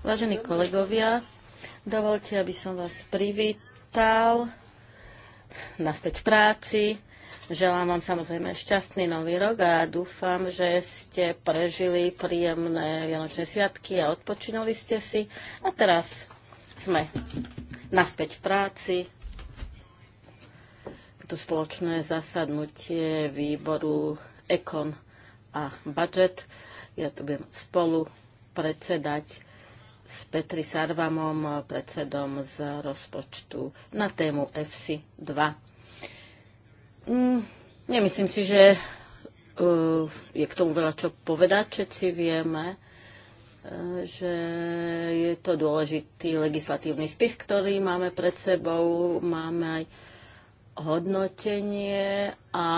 Vážení kolegovia, dovolte, aby som vás privítal naspäť v práci. Želám vám samozrejme šťastný nový rok a dúfam, že ste prežili príjemné vianočné sviatky a odpočinuli ste si. A teraz sme naspäť v práci. Tu spoločné zasadnutie výboru Ekon a Budget ja tu budem spolu predsedať s Petri Sarvamom, predsedom z rozpočtu na tému FC 2. Mm, nemyslím si, že uh, je k tomu veľa čo povedať, všetci vieme uh, že je to dôležitý legislatívny spis, ktorý máme pred sebou. Máme aj hodnotenie a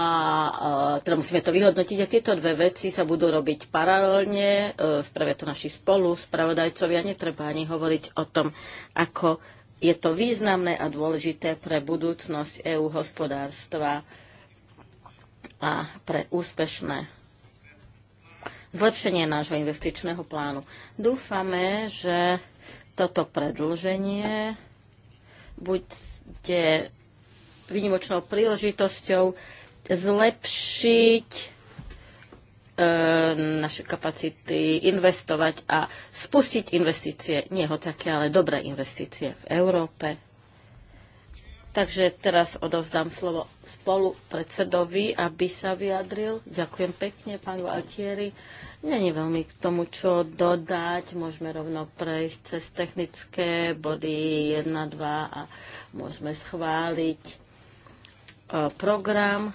teda musíme to vyhodnotiť a tieto dve veci sa budú robiť paralelne, e, spravia to naši spolu, spravodajcovia, netreba ani hovoriť o tom, ako je to významné a dôležité pre budúcnosť EU hospodárstva a pre úspešné zlepšenie nášho investičného plánu. Dúfame, že toto predlženie bude výnimočnou príležitosťou zlepšiť e, naše kapacity, investovať a spustiť investície, nie hocaké, ale dobré investície v Európe. Takže teraz odovzdám slovo spolu predsedovi, aby sa vyjadril. Ďakujem pekne, pán Gualtieri. Není veľmi k tomu, čo dodať. Môžeme rovno prejsť cez technické body 1, 2 a môžeme schváliť E, program.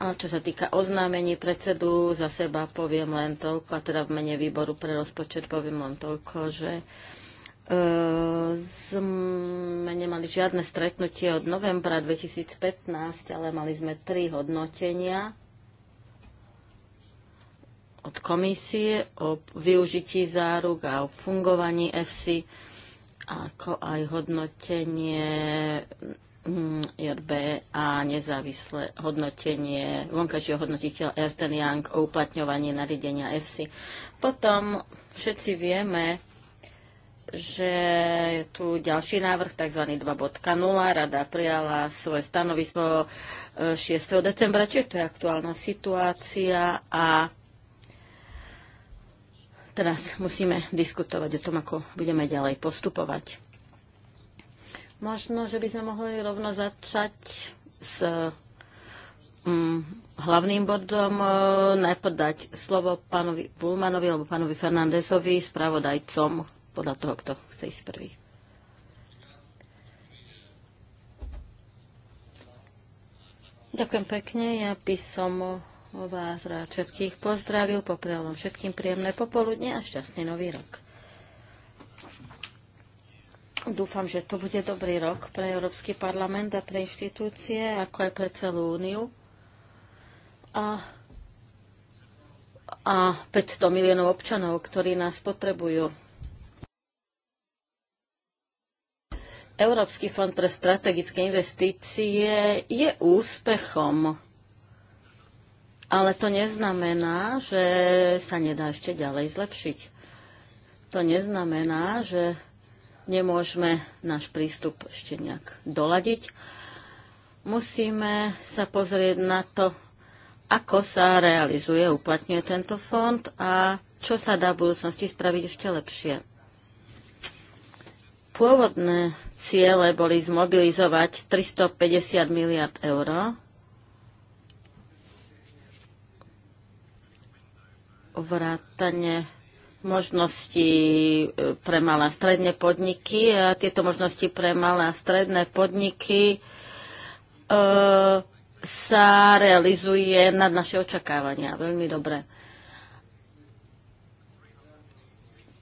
A čo sa týka oznámení predsedu, za seba poviem len toľko, a teda v mene výboru pre rozpočet poviem len toľko, že e, sme nemali žiadne stretnutie od novembra 2015, ale mali sme tri hodnotenia od komisie o využití záruk a o fungovaní FC, ako aj hodnotenie IRB a nezávislé hodnotenie vonkajšieho hodnotiteľa Ernst Young o uplatňovaní nariadenia EFSI. Potom všetci vieme, že je tu ďalší návrh, tzv. 2.0. Rada prijala svoje stanovisko 6. E, decembra, čiže to je aktuálna situácia a teraz musíme diskutovať o tom, ako budeme ďalej postupovať. Možno, že by sme mohli rovno začať s mm, hlavným bodom. E, najprv dať slovo pánovi Bulmanovi alebo pánovi Fernandesovi, spravodajcom, podľa toho, kto chce ísť prvý. Ďakujem pekne. Ja by som vás rád všetkých pozdravil, poprel vám všetkým príjemné popoludne a šťastný nový rok. Dúfam, že to bude dobrý rok pre Európsky parlament a pre inštitúcie, ako aj pre celú úniu. A, a 500 miliónov občanov, ktorí nás potrebujú. Európsky fond pre strategické investície je úspechom, ale to neznamená, že sa nedá ešte ďalej zlepšiť. To neznamená, že nemôžeme náš prístup ešte nejak doladiť. Musíme sa pozrieť na to, ako sa realizuje, uplatňuje tento fond a čo sa dá v budúcnosti spraviť ešte lepšie. Pôvodné ciele boli zmobilizovať 350 miliard eur vrátane možnosti e, pre malé a stredné podniky. A tieto možnosti pre malé a stredné podniky e, sa realizuje nad naše očakávania. Veľmi dobre.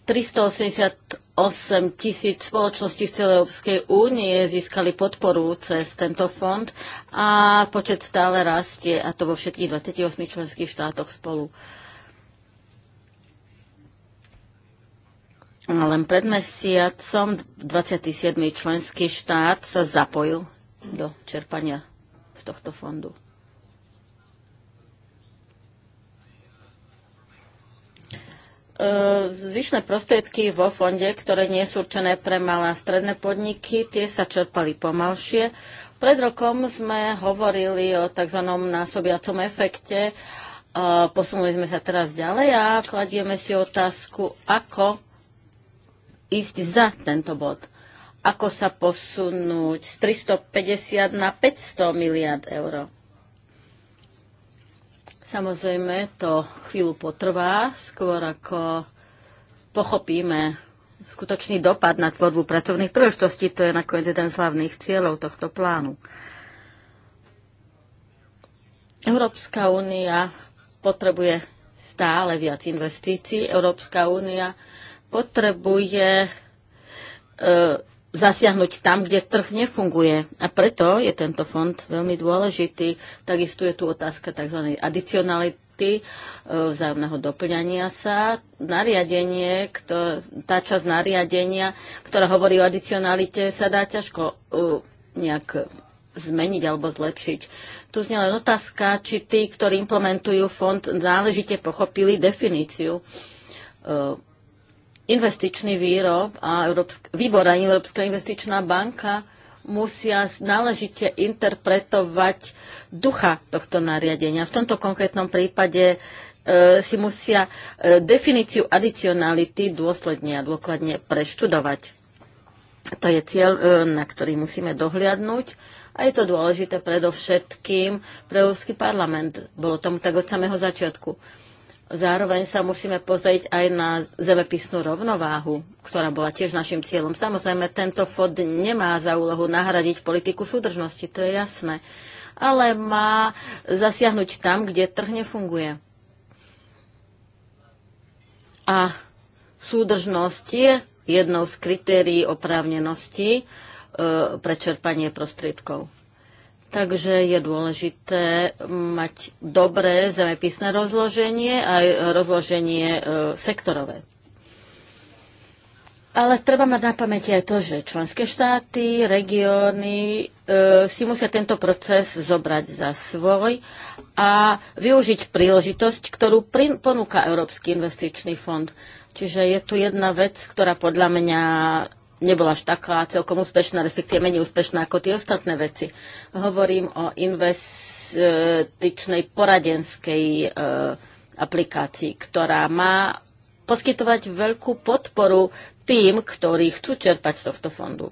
388 tisíc spoločností v celej Európskej únie získali podporu cez tento fond a počet stále rastie, a to vo všetkých 28 členských štátoch spolu. Uh, Len pred mesiacom 27. členský štát sa zapojil do čerpania z tohto fondu. E, zvyšné prostriedky vo fonde, ktoré nie sú určené pre malé a stredné podniky, tie sa čerpali pomalšie. Pred rokom sme hovorili o tzv. násobiacom efekte. E, posunuli sme sa teraz ďalej a kladieme si otázku, ako ísť za tento bod. Ako sa posunúť z 350 na 500 miliard eur. Samozrejme, to chvíľu potrvá, skôr ako pochopíme skutočný dopad na tvorbu pracovných príležitostí. To je nakoniec jeden z hlavných cieľov tohto plánu. Európska únia potrebuje stále viac investícií. Európska únia potrebuje e, zasiahnuť tam, kde trh nefunguje. A preto je tento fond veľmi dôležitý. Takisto je tu otázka tzv. adicionality, e, vzájomného doplňania sa. Nariadenie, kto, tá časť nariadenia, ktorá hovorí o adicionalite, sa dá ťažko e, nejak zmeniť alebo zlepšiť. Tu znie len otázka, či tí, ktorí implementujú fond, záležite pochopili definíciu e, investičný výrob a Európsk- výbor a Európska investičná banka musia náležite interpretovať ducha tohto nariadenia. V tomto konkrétnom prípade e, si musia e, definíciu adicionality dôsledne a dôkladne preštudovať. To je cieľ, e, na ktorý musíme dohliadnúť a je to dôležité predovšetkým pre Európsky parlament. Bolo tomu tak od samého začiatku Zároveň sa musíme pozrieť aj na zemepisnú rovnováhu, ktorá bola tiež našim cieľom. Samozrejme, tento fond nemá za úlohu nahradiť politiku súdržnosti, to je jasné, ale má zasiahnuť tam, kde trh nefunguje. A súdržnosť je jednou z kritérií oprávnenosti e, pre čerpanie prostriedkov. Takže je dôležité mať dobré zemepisné rozloženie a rozloženie e, sektorové. Ale treba mať na pamäti aj to, že členské štáty, regióny e, si musia tento proces zobrať za svoj a využiť príležitosť, ktorú prin- ponúka Európsky investičný fond. Čiže je tu jedna vec, ktorá podľa mňa nebola až taká celkom úspešná, respektíve menej úspešná ako tie ostatné veci. Hovorím o investičnej poradenskej e, aplikácii, ktorá má poskytovať veľkú podporu tým, ktorí chcú čerpať z tohto fondu.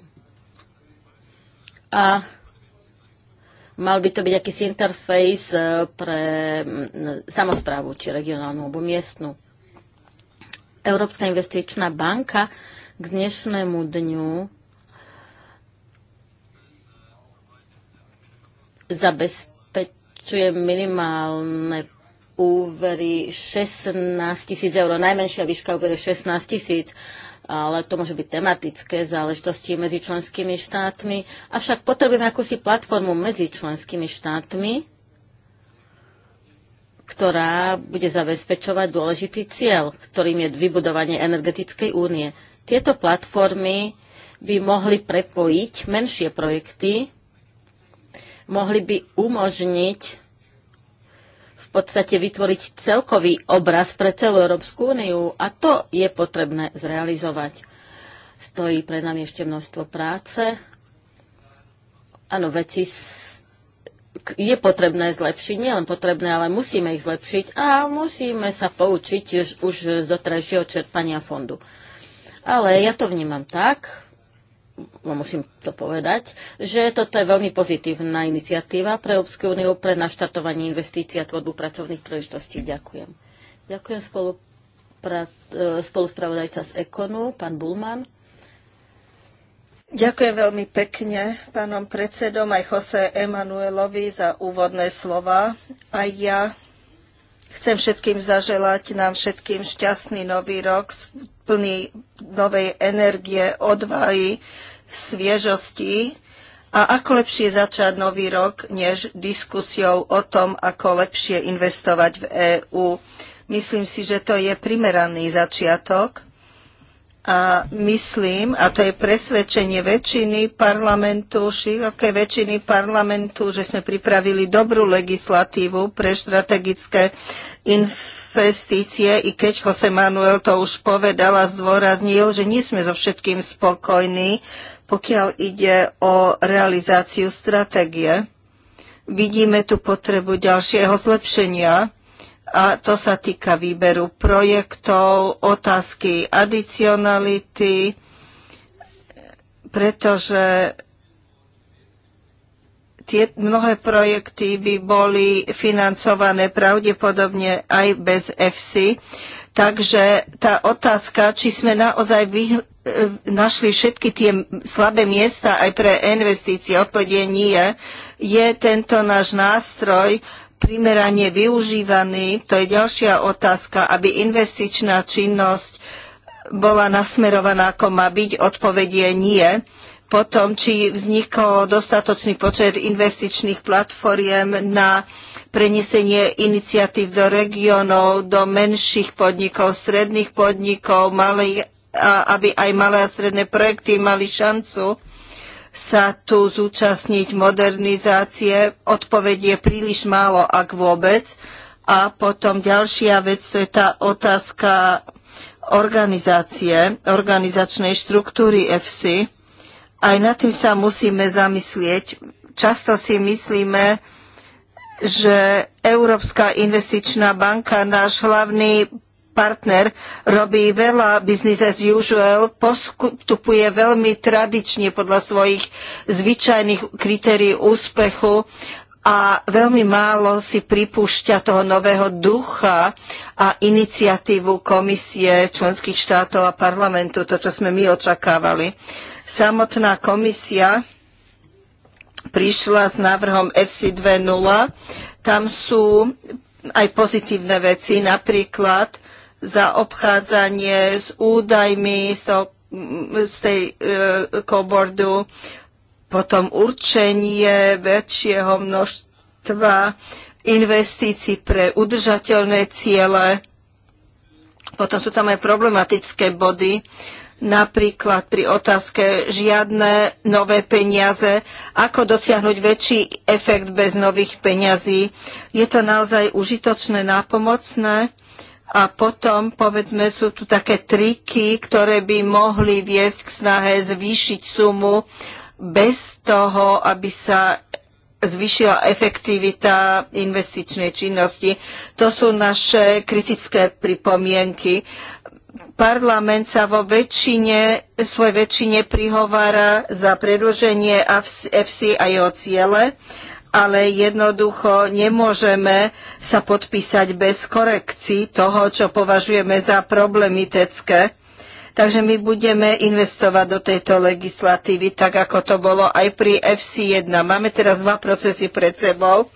A mal by to byť akýsi interfejs e, pre samozprávu, či regionálnu alebo miestnu. Európska investičná banka k dnešnému dňu zabezpečuje minimálne úvery 16 tisíc eur. Najmenšia výška úvery 16 tisíc ale to môže byť tematické záležitosti medzi členskými štátmi. Avšak potrebujeme akúsi platformu medzi členskými štátmi, ktorá bude zabezpečovať dôležitý cieľ, ktorým je vybudovanie energetickej únie. Tieto platformy by mohli prepojiť menšie projekty, mohli by umožniť v podstate vytvoriť celkový obraz pre celú Európsku úniu a to je potrebné zrealizovať. Stojí pre nami ešte množstvo práce. Áno, veci je potrebné zlepšiť, nie len potrebné, ale musíme ich zlepšiť a musíme sa poučiť už z doterajšieho čerpania fondu. Ale ja to vnímam tak, no musím to povedať, že toto je veľmi pozitívna iniciatíva pre Európsku úniu pre naštartovanie investícií a tvorbu pracovných príležitostí. Ďakujem. Ďakujem e, spoluspravodajca z Ekonu, pán Bulman. Ďakujem veľmi pekne pánom predsedom aj Jose Emanuelovi za úvodné slova. A ja chcem všetkým zaželať nám všetkým šťastný nový rok s plný novej energie, odvahy, sviežosti. A ako lepšie začať nový rok, než diskusiou o tom, ako lepšie investovať v EÚ. Myslím si, že to je primeraný začiatok a myslím, a to je presvedčenie väčšiny parlamentu, širokej väčšiny parlamentu, že sme pripravili dobrú legislatívu pre strategické investície, i keď Jose Manuel to už povedal a zdôraznil, že nie sme so všetkým spokojní, pokiaľ ide o realizáciu stratégie. Vidíme tu potrebu ďalšieho zlepšenia a to sa týka výberu projektov, otázky adicionality, pretože tie mnohé projekty by boli financované pravdepodobne aj bez FC. Takže tá otázka, či sme naozaj vy, našli všetky tie slabé miesta aj pre investície, odpovedie nie, je tento náš nástroj, primerane využívaný. To je ďalšia otázka, aby investičná činnosť bola nasmerovaná, ako má byť, odpovedie nie. Potom, či vznikol dostatočný počet investičných platformiem na prenesenie iniciatív do regiónov, do menších podnikov, stredných podnikov, malých, aby aj malé a stredné projekty mali šancu sa tu zúčastniť modernizácie. Odpoveď je príliš málo, ak vôbec. A potom ďalšia vec, to je tá otázka organizácie, organizačnej štruktúry FC. Aj nad tým sa musíme zamyslieť. Často si myslíme, že Európska investičná banka, náš hlavný partner robí veľa business as usual, postupuje veľmi tradične podľa svojich zvyčajných kritérií úspechu a veľmi málo si pripúšťa toho nového ducha a iniciatívu komisie členských štátov a parlamentu, to, čo sme my očakávali. Samotná komisia prišla s návrhom FC 2.0. Tam sú aj pozitívne veci, napríklad za obchádzanie s údajmi z, to, z tej e, kobordu, potom určenie väčšieho množstva investícií pre udržateľné ciele. Potom sú tam aj problematické body, napríklad pri otázke žiadne nové peniaze, ako dosiahnuť väčší efekt bez nových peňazí. Je to naozaj užitočné, nápomocné? A potom, povedzme, sú tu také triky, ktoré by mohli viesť k snahe zvýšiť sumu bez toho, aby sa zvýšila efektivita investičnej činnosti. To sú naše kritické pripomienky. Parlament sa vo väčšine, svoj väčšine prihovára za predlženie FC a jeho ciele ale jednoducho nemôžeme sa podpísať bez korekcií toho, čo považujeme za problematické. Takže my budeme investovať do tejto legislatívy, tak ako to bolo aj pri FC1. Máme teraz dva procesy pred sebou,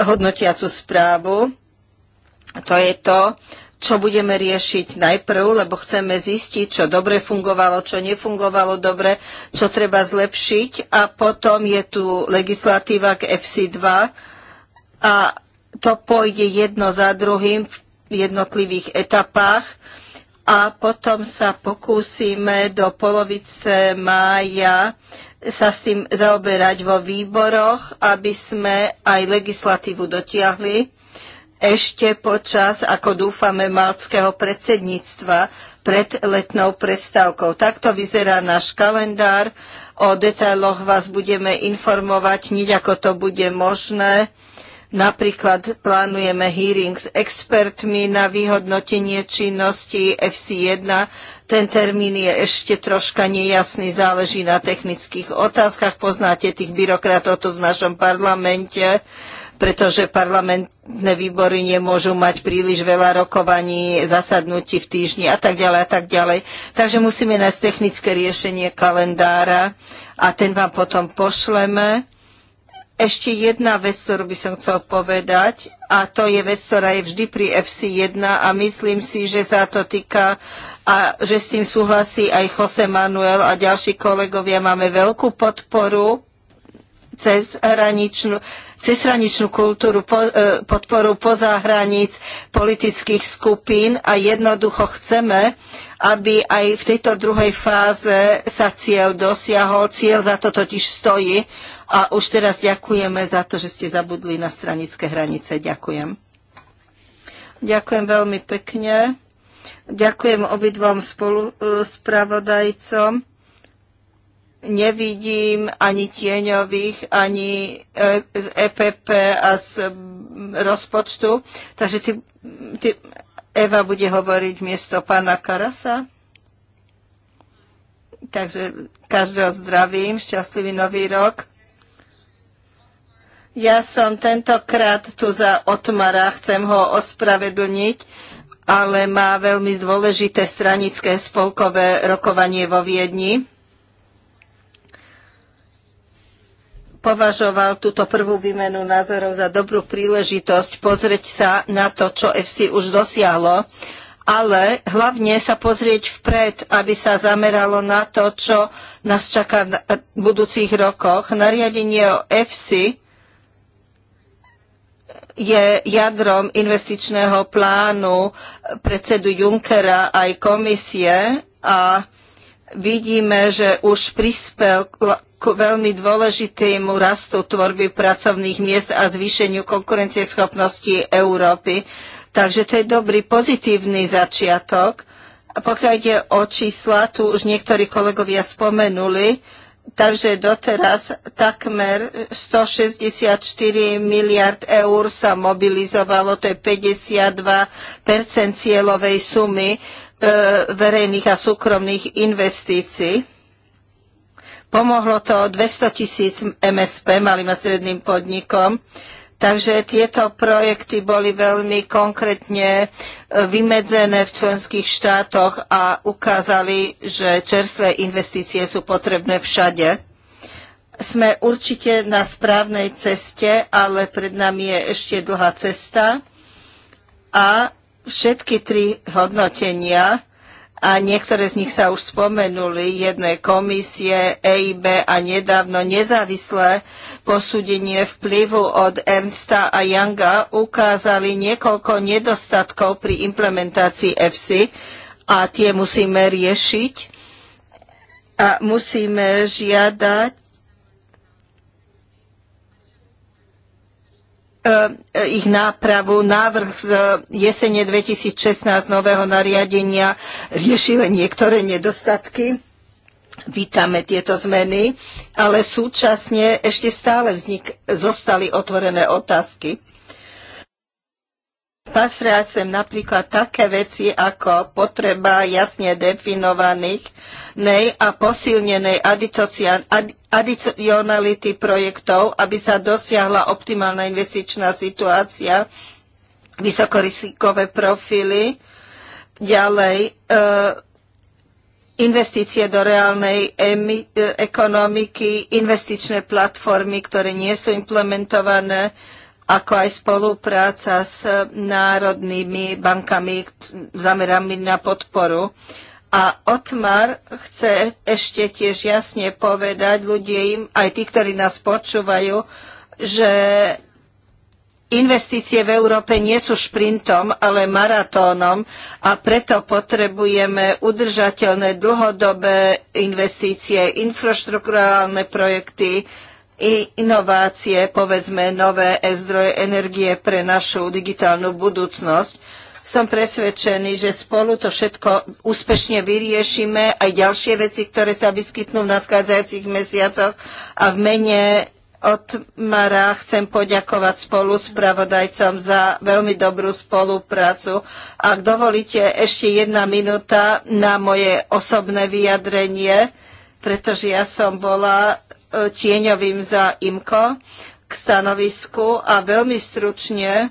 hodnotiacu správu. To je to, čo budeme riešiť najprv, lebo chceme zistiť, čo dobre fungovalo, čo nefungovalo dobre, čo treba zlepšiť. A potom je tu legislatíva k FC2 a to pôjde jedno za druhým v jednotlivých etapách a potom sa pokúsime do polovice mája sa s tým zaoberať vo výboroch, aby sme aj legislatívu dotiahli ešte počas, ako dúfame, malckého predsedníctva pred letnou prestávkou. Takto vyzerá náš kalendár. O detailoch vás budeme informovať, niť ako to bude možné. Napríklad plánujeme hearing s expertmi na vyhodnotenie činnosti FC1. Ten termín je ešte troška nejasný, záleží na technických otázkach. Poznáte tých byrokratov tu v našom parlamente pretože parlamentné výbory nemôžu mať príliš veľa rokovaní, zasadnutí v týždni a tak ďalej a tak ďalej. Takže musíme nájsť technické riešenie kalendára a ten vám potom pošleme. Ešte jedna vec, ktorú by som chcel povedať, a to je vec, ktorá je vždy pri FC1 a myslím si, že sa to týka a že s tým súhlasí aj Jose Manuel a ďalší kolegovia. Máme veľkú podporu cez hraničnú cezhraničnú kultúru, po, e, podporu poza hraníc politických skupín a jednoducho chceme, aby aj v tejto druhej fáze sa cieľ dosiahol. Cieľ za to totiž stojí a už teraz ďakujeme za to, že ste zabudli na stranické hranice. Ďakujem. Ďakujem veľmi pekne. Ďakujem obidvom spolu, e, spravodajcom nevidím ani tieňových, ani e, z EPP a z rozpočtu. Takže ty, ty, Eva bude hovoriť miesto pána Karasa. Takže každého zdravím, šťastlivý nový rok. Ja som tentokrát tu za Otmara, chcem ho ospravedlniť, ale má veľmi dôležité stranické spolkové rokovanie vo Viedni považoval túto prvú výmenu názorov za dobrú príležitosť pozrieť sa na to, čo FC už dosiahlo, ale hlavne sa pozrieť vpred, aby sa zameralo na to, čo nás čaká v budúcich rokoch. Nariadenie o FC je jadrom investičného plánu predsedu Junckera aj komisie a vidíme, že už prispel k veľmi dôležitému rastu tvorby pracovných miest a zvýšeniu konkurencieschopnosti Európy. Takže to je dobrý pozitívny začiatok. A pokiaľ ide o čísla, tu už niektorí kolegovia spomenuli, takže doteraz takmer 164 miliard eur sa mobilizovalo, to je 52 cieľovej sumy e, verejných a súkromných investícií. Pomohlo to 200 tisíc MSP, malým a stredným podnikom. Takže tieto projekty boli veľmi konkrétne e, vymedzené v členských štátoch a ukázali, že čerstvé investície sú potrebné všade. Sme určite na správnej ceste, ale pred nami je ešte dlhá cesta a všetky tri hodnotenia a niektoré z nich sa už spomenuli. Jedno komisie, EIB a nedávno nezávislé posúdenie vplyvu od Ernsta a Younga ukázali niekoľko nedostatkov pri implementácii EFSI a tie musíme riešiť a musíme žiadať E, ich nápravu. Návrh z e, jesene 2016 nového nariadenia riešil niektoré nedostatky. Vítame tieto zmeny, ale súčasne ešte stále vznik, zostali otvorené otázky. Patria sem napríklad také veci ako potreba jasne definovaných nej a posilnenej adicionality projektov, aby sa dosiahla optimálna investičná situácia, vysokorizikové profily, ďalej e, investície do reálnej emi, e, ekonomiky, investičné platformy, ktoré nie sú implementované, e, ako aj spolupráca s národnými bankami zameranými na podporu. A Otmar chce ešte tiež jasne povedať ľudí, aj tí, ktorí nás počúvajú, že investície v Európe nie sú šprintom, ale maratónom a preto potrebujeme udržateľné dlhodobé investície, infraštruktúrálne projekty, inovácie, povedzme nové zdroje energie pre našu digitálnu budúcnosť. Som presvedčený, že spolu to všetko úspešne vyriešime, aj ďalšie veci, ktoré sa vyskytnú v nadchádzajúcich mesiacoch a v mene od Mara chcem poďakovať spolu pravodajcom za veľmi dobrú spoluprácu. Ak dovolíte ešte jedna minúta na moje osobné vyjadrenie, pretože ja som bola tieňovým za IMKO k stanovisku a veľmi stručne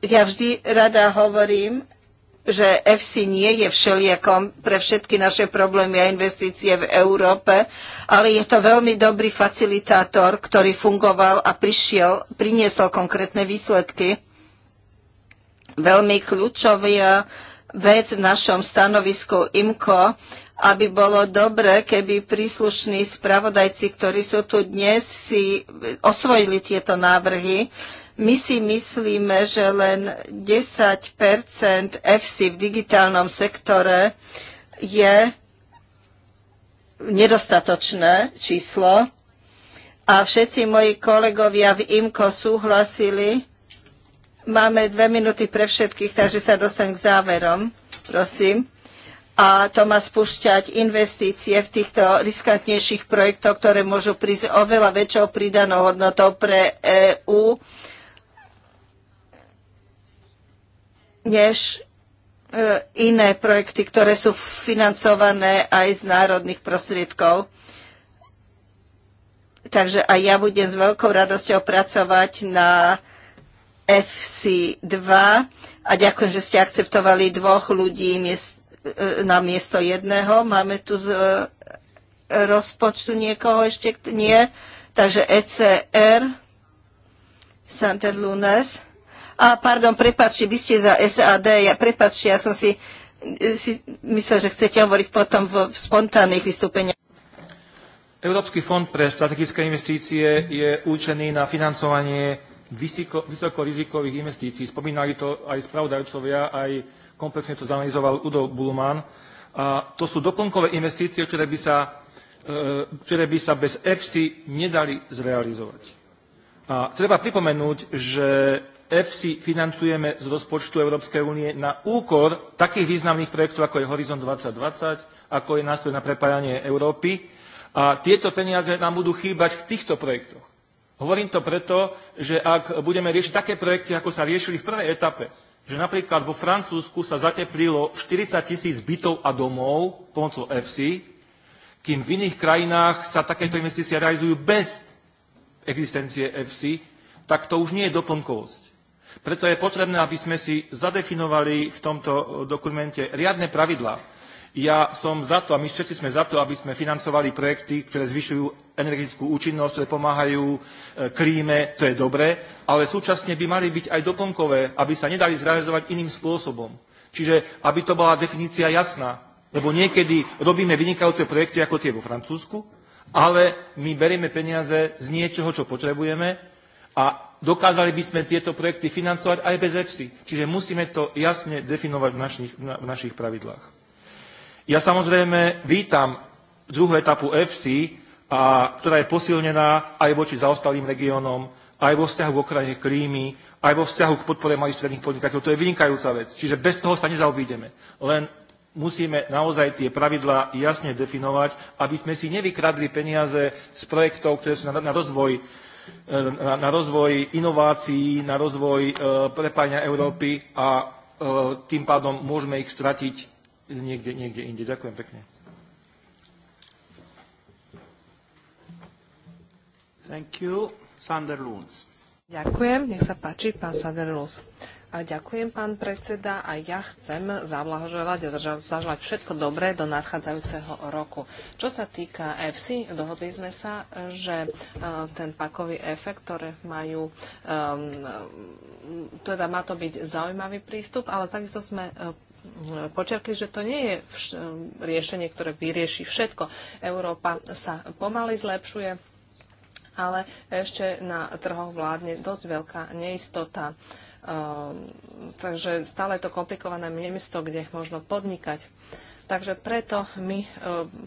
ja vždy rada hovorím, že FC nie je všeliekom pre všetky naše problémy a investície v Európe, ale je to veľmi dobrý facilitátor, ktorý fungoval a prišiel, priniesol konkrétne výsledky. Veľmi kľúčová vec v našom stanovisku IMCO aby bolo dobre, keby príslušní spravodajci, ktorí sú tu dnes, si osvojili tieto návrhy. My si myslíme, že len 10 FC v digitálnom sektore je nedostatočné číslo a všetci moji kolegovia v IMKO súhlasili. Máme dve minúty pre všetkých, takže sa dostanem k záverom. Prosím a to má spúšťať investície v týchto riskantnejších projektoch, ktoré môžu prísť oveľa väčšou pridanou hodnotou pre EÚ, než e, iné projekty, ktoré sú financované aj z národných prostriedkov. Takže aj ja budem s veľkou radosťou pracovať na FC2 a ďakujem, že ste akceptovali dvoch ľudí miest E, na miesto jedného. Máme tu z e, rozpočtu niekoho ešte, nie. Takže ECR, Santer Lunes. A pardon, prepáči, vy ste za SAD, ja, prepáči, ja som si, e, si myslel, že chcete hovoriť potom v, v spontánnych vystúpeniach. Európsky fond pre strategické investície je určený na financovanie vysoko, vysokorizikových investícií. Spomínali to aj spravodajcovia, aj komplexne to zanalizoval Udo Bulumán. A to sú doplnkové investície, ktoré by sa, e, ktoré by sa bez EFSI nedali zrealizovať. A treba pripomenúť, že EFSI financujeme z rozpočtu Európskej únie na úkor takých významných projektov, ako je Horizon 2020, ako je nástroj na prepájanie Európy. A tieto peniaze nám budú chýbať v týchto projektoch. Hovorím to preto, že ak budeme riešiť také projekty, ako sa riešili v prvej etape, že napríklad vo Francúzsku sa zateplilo 40 tisíc bytov a domov pomocou EFSI, kým v iných krajinách sa takéto investície realizujú bez existencie EFSI, tak to už nie je doplnkovosť. Preto je potrebné, aby sme si zadefinovali v tomto dokumente riadne pravidlá, ja som za to, a my všetci sme za to, aby sme financovali projekty, ktoré zvyšujú energetickú účinnosť, ktoré pomáhajú e, klíme, to je dobré, ale súčasne by mali byť aj doplnkové, aby sa nedali zrealizovať iným spôsobom. Čiže aby to bola definícia jasná, lebo niekedy robíme vynikajúce projekty ako tie vo Francúzsku, ale my berieme peniaze z niečoho, čo potrebujeme a dokázali by sme tieto projekty financovať aj bez EFSI. Čiže musíme to jasne definovať v našich, v našich pravidlách. Ja samozrejme vítam druhú etapu EFSI, a ktorá je posilnená aj voči zaostalým regiónom, aj vo vzťahu k okrajine klímy, aj vo vzťahu k podpore malých stredných podnikateľov. To je vynikajúca vec. Čiže bez toho sa nezaobídeme. Len musíme naozaj tie pravidlá jasne definovať, aby sme si nevykradli peniaze z projektov, ktoré sú na, na rozvoj na, na rozvoj inovácií, na rozvoj e, prepájania Európy a e, tým pádom môžeme ich stratiť niekde, niekde inde. Ďakujem pekne. Thank you. Sander Lunds. Ďakujem, nech sa páči, pán Sander Lunds. A ďakujem, pán predseda, a ja chcem zavlahoželať a zažľať všetko dobré do nadchádzajúceho roku. Čo sa týka EFSI, dohodli sme sa, že e, ten pakový efekt, ktoré majú, e, teda má to byť zaujímavý prístup, ale takisto sme e, počerkli, že to nie je riešenie, ktoré vyrieši všetko. Európa sa pomaly zlepšuje, ale ešte na trhoch vládne dosť veľká neistota. Uh, takže stále je to komplikované miesto, kde možno podnikať. Takže preto my e,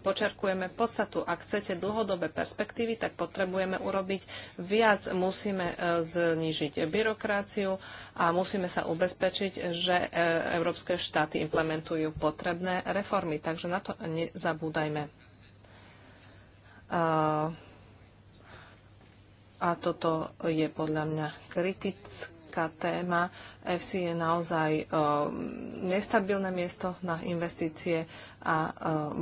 počerkujeme podstatu. Ak chcete dlhodobé perspektívy, tak potrebujeme urobiť viac. Musíme e, znížiť byrokraciu a musíme sa ubezpečiť, že e, európske štáty implementujú potrebné reformy. Takže na to nezabúdajme. A toto je podľa mňa kritické veľká téma. FC je naozaj eh, nestabilné miesto na investície a eh,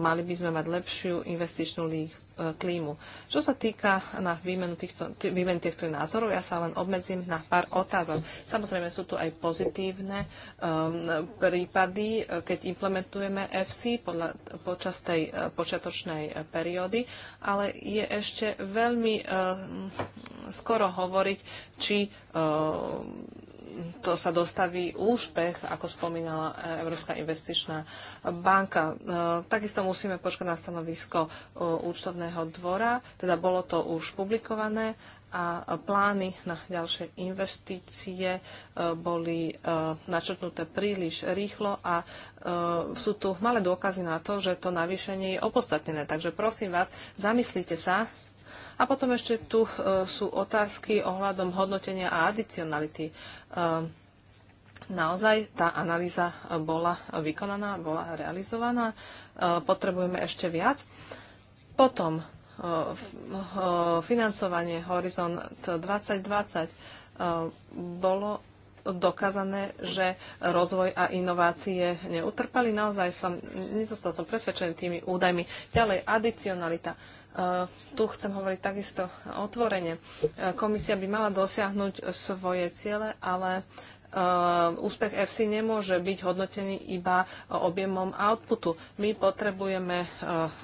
mali by sme mať lepšiu investičnú klímu. Čo sa týka na výmenu týchto, tý, výmenu týchto názorov, ja sa len obmedzím na pár otázok. Samozrejme sú tu aj pozitívne um, prípady, keď implementujeme FC podľa, počas tej uh, počiatočnej uh, periódy, ale je ešte veľmi uh, skoro hovoriť, či uh, to sa dostaví úspech, ako spomínala e, Európska investičná banka. E, takisto musíme počkať na stanovisko e, účtovného dvora, teda bolo to už publikované a plány na ďalšie investície boli načrtnuté príliš rýchlo a sú tu malé dôkazy na to, že to navýšenie je opostatnené. Takže prosím vás, zamyslite sa a potom ešte tu e, sú otázky ohľadom hodnotenia a adicionality. E, naozaj tá analýza e, bola vykonaná, bola realizovaná. Potrebujeme ešte viac. Potom financovanie Horizont 2020 bolo dokázané, že rozvoj a inovácie neutrpali. Naozaj som, nezostal som presvedčený tými údajmi. Ďalej, adicionalita. E, tu chcem hovoriť takisto otvorene. E, komisia by mala dosiahnuť svoje ciele, ale e, úspech FC nemôže byť hodnotený iba objemom outputu. My potrebujeme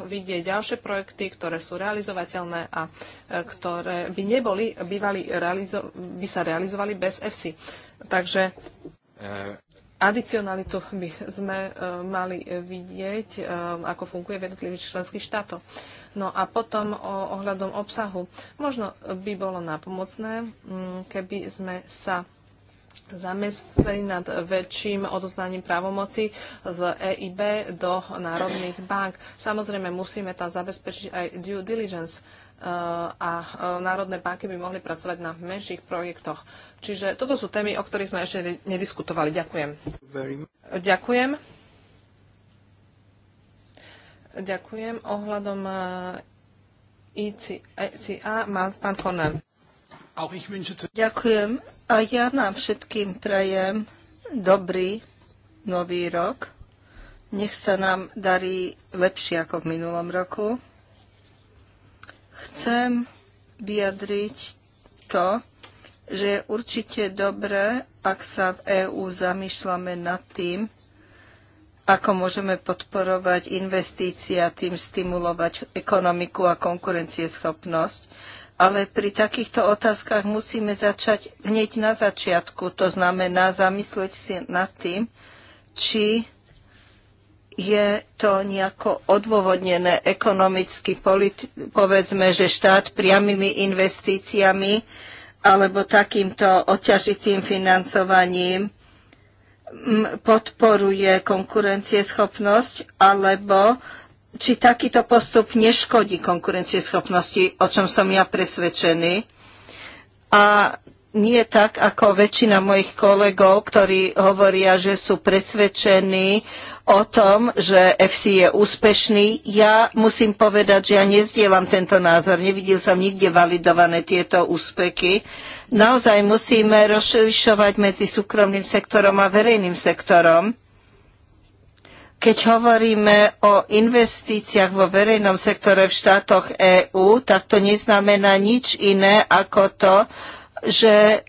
vidieť ďalšie projekty, ktoré sú realizovateľné a ktoré by neboli, bývali, realizo- by sa realizovali bez FC. Takže adicionalitu by sme mali vidieť, ako funguje v jednotlivých členských štátoch. No a potom o, ohľadom obsahu. Možno by bolo napomocné, mm, keby sme sa zamestnali nad väčším odoznaním právomoci z EIB do národných bank. Samozrejme, musíme tam zabezpečiť aj due diligence eh, a eh, národné banky by mohli pracovať na menších projektoch. Čiže toto sú témy, o ktorých sme ešte nediskutovali. Ďakujem. Ďakujem. Ďakujem. Ohľadom eh, ICA má pán Konan. Ďakujem. A ja nám všetkým prajem dobrý nový rok. Nech sa nám darí lepšie ako v minulom roku. Chcem vyjadriť to, že je určite dobré, ak sa v EÚ zamýšľame nad tým, ako môžeme podporovať investície a tým stimulovať ekonomiku a konkurencieschopnosť. Ale pri takýchto otázkach musíme začať hneď na začiatku. To znamená zamysleť si nad tým, či je to nejako odôvodnené ekonomicky, povedzme, že štát priamými investíciami alebo takýmto oťažitým financovaním podporuje konkurencieschopnosť, alebo či takýto postup neškodí konkurencieschopnosti, o čom som ja presvedčený. A nie tak ako väčšina mojich kolegov, ktorí hovoria, že sú presvedčení o tom, že FC je úspešný. Ja musím povedať, že ja nezdielam tento názor. Nevidel som nikde validované tieto úspechy naozaj musíme rozlišovať medzi súkromným sektorom a verejným sektorom. Keď hovoríme o investíciách vo verejnom sektore v štátoch EÚ, tak to neznamená nič iné ako to, že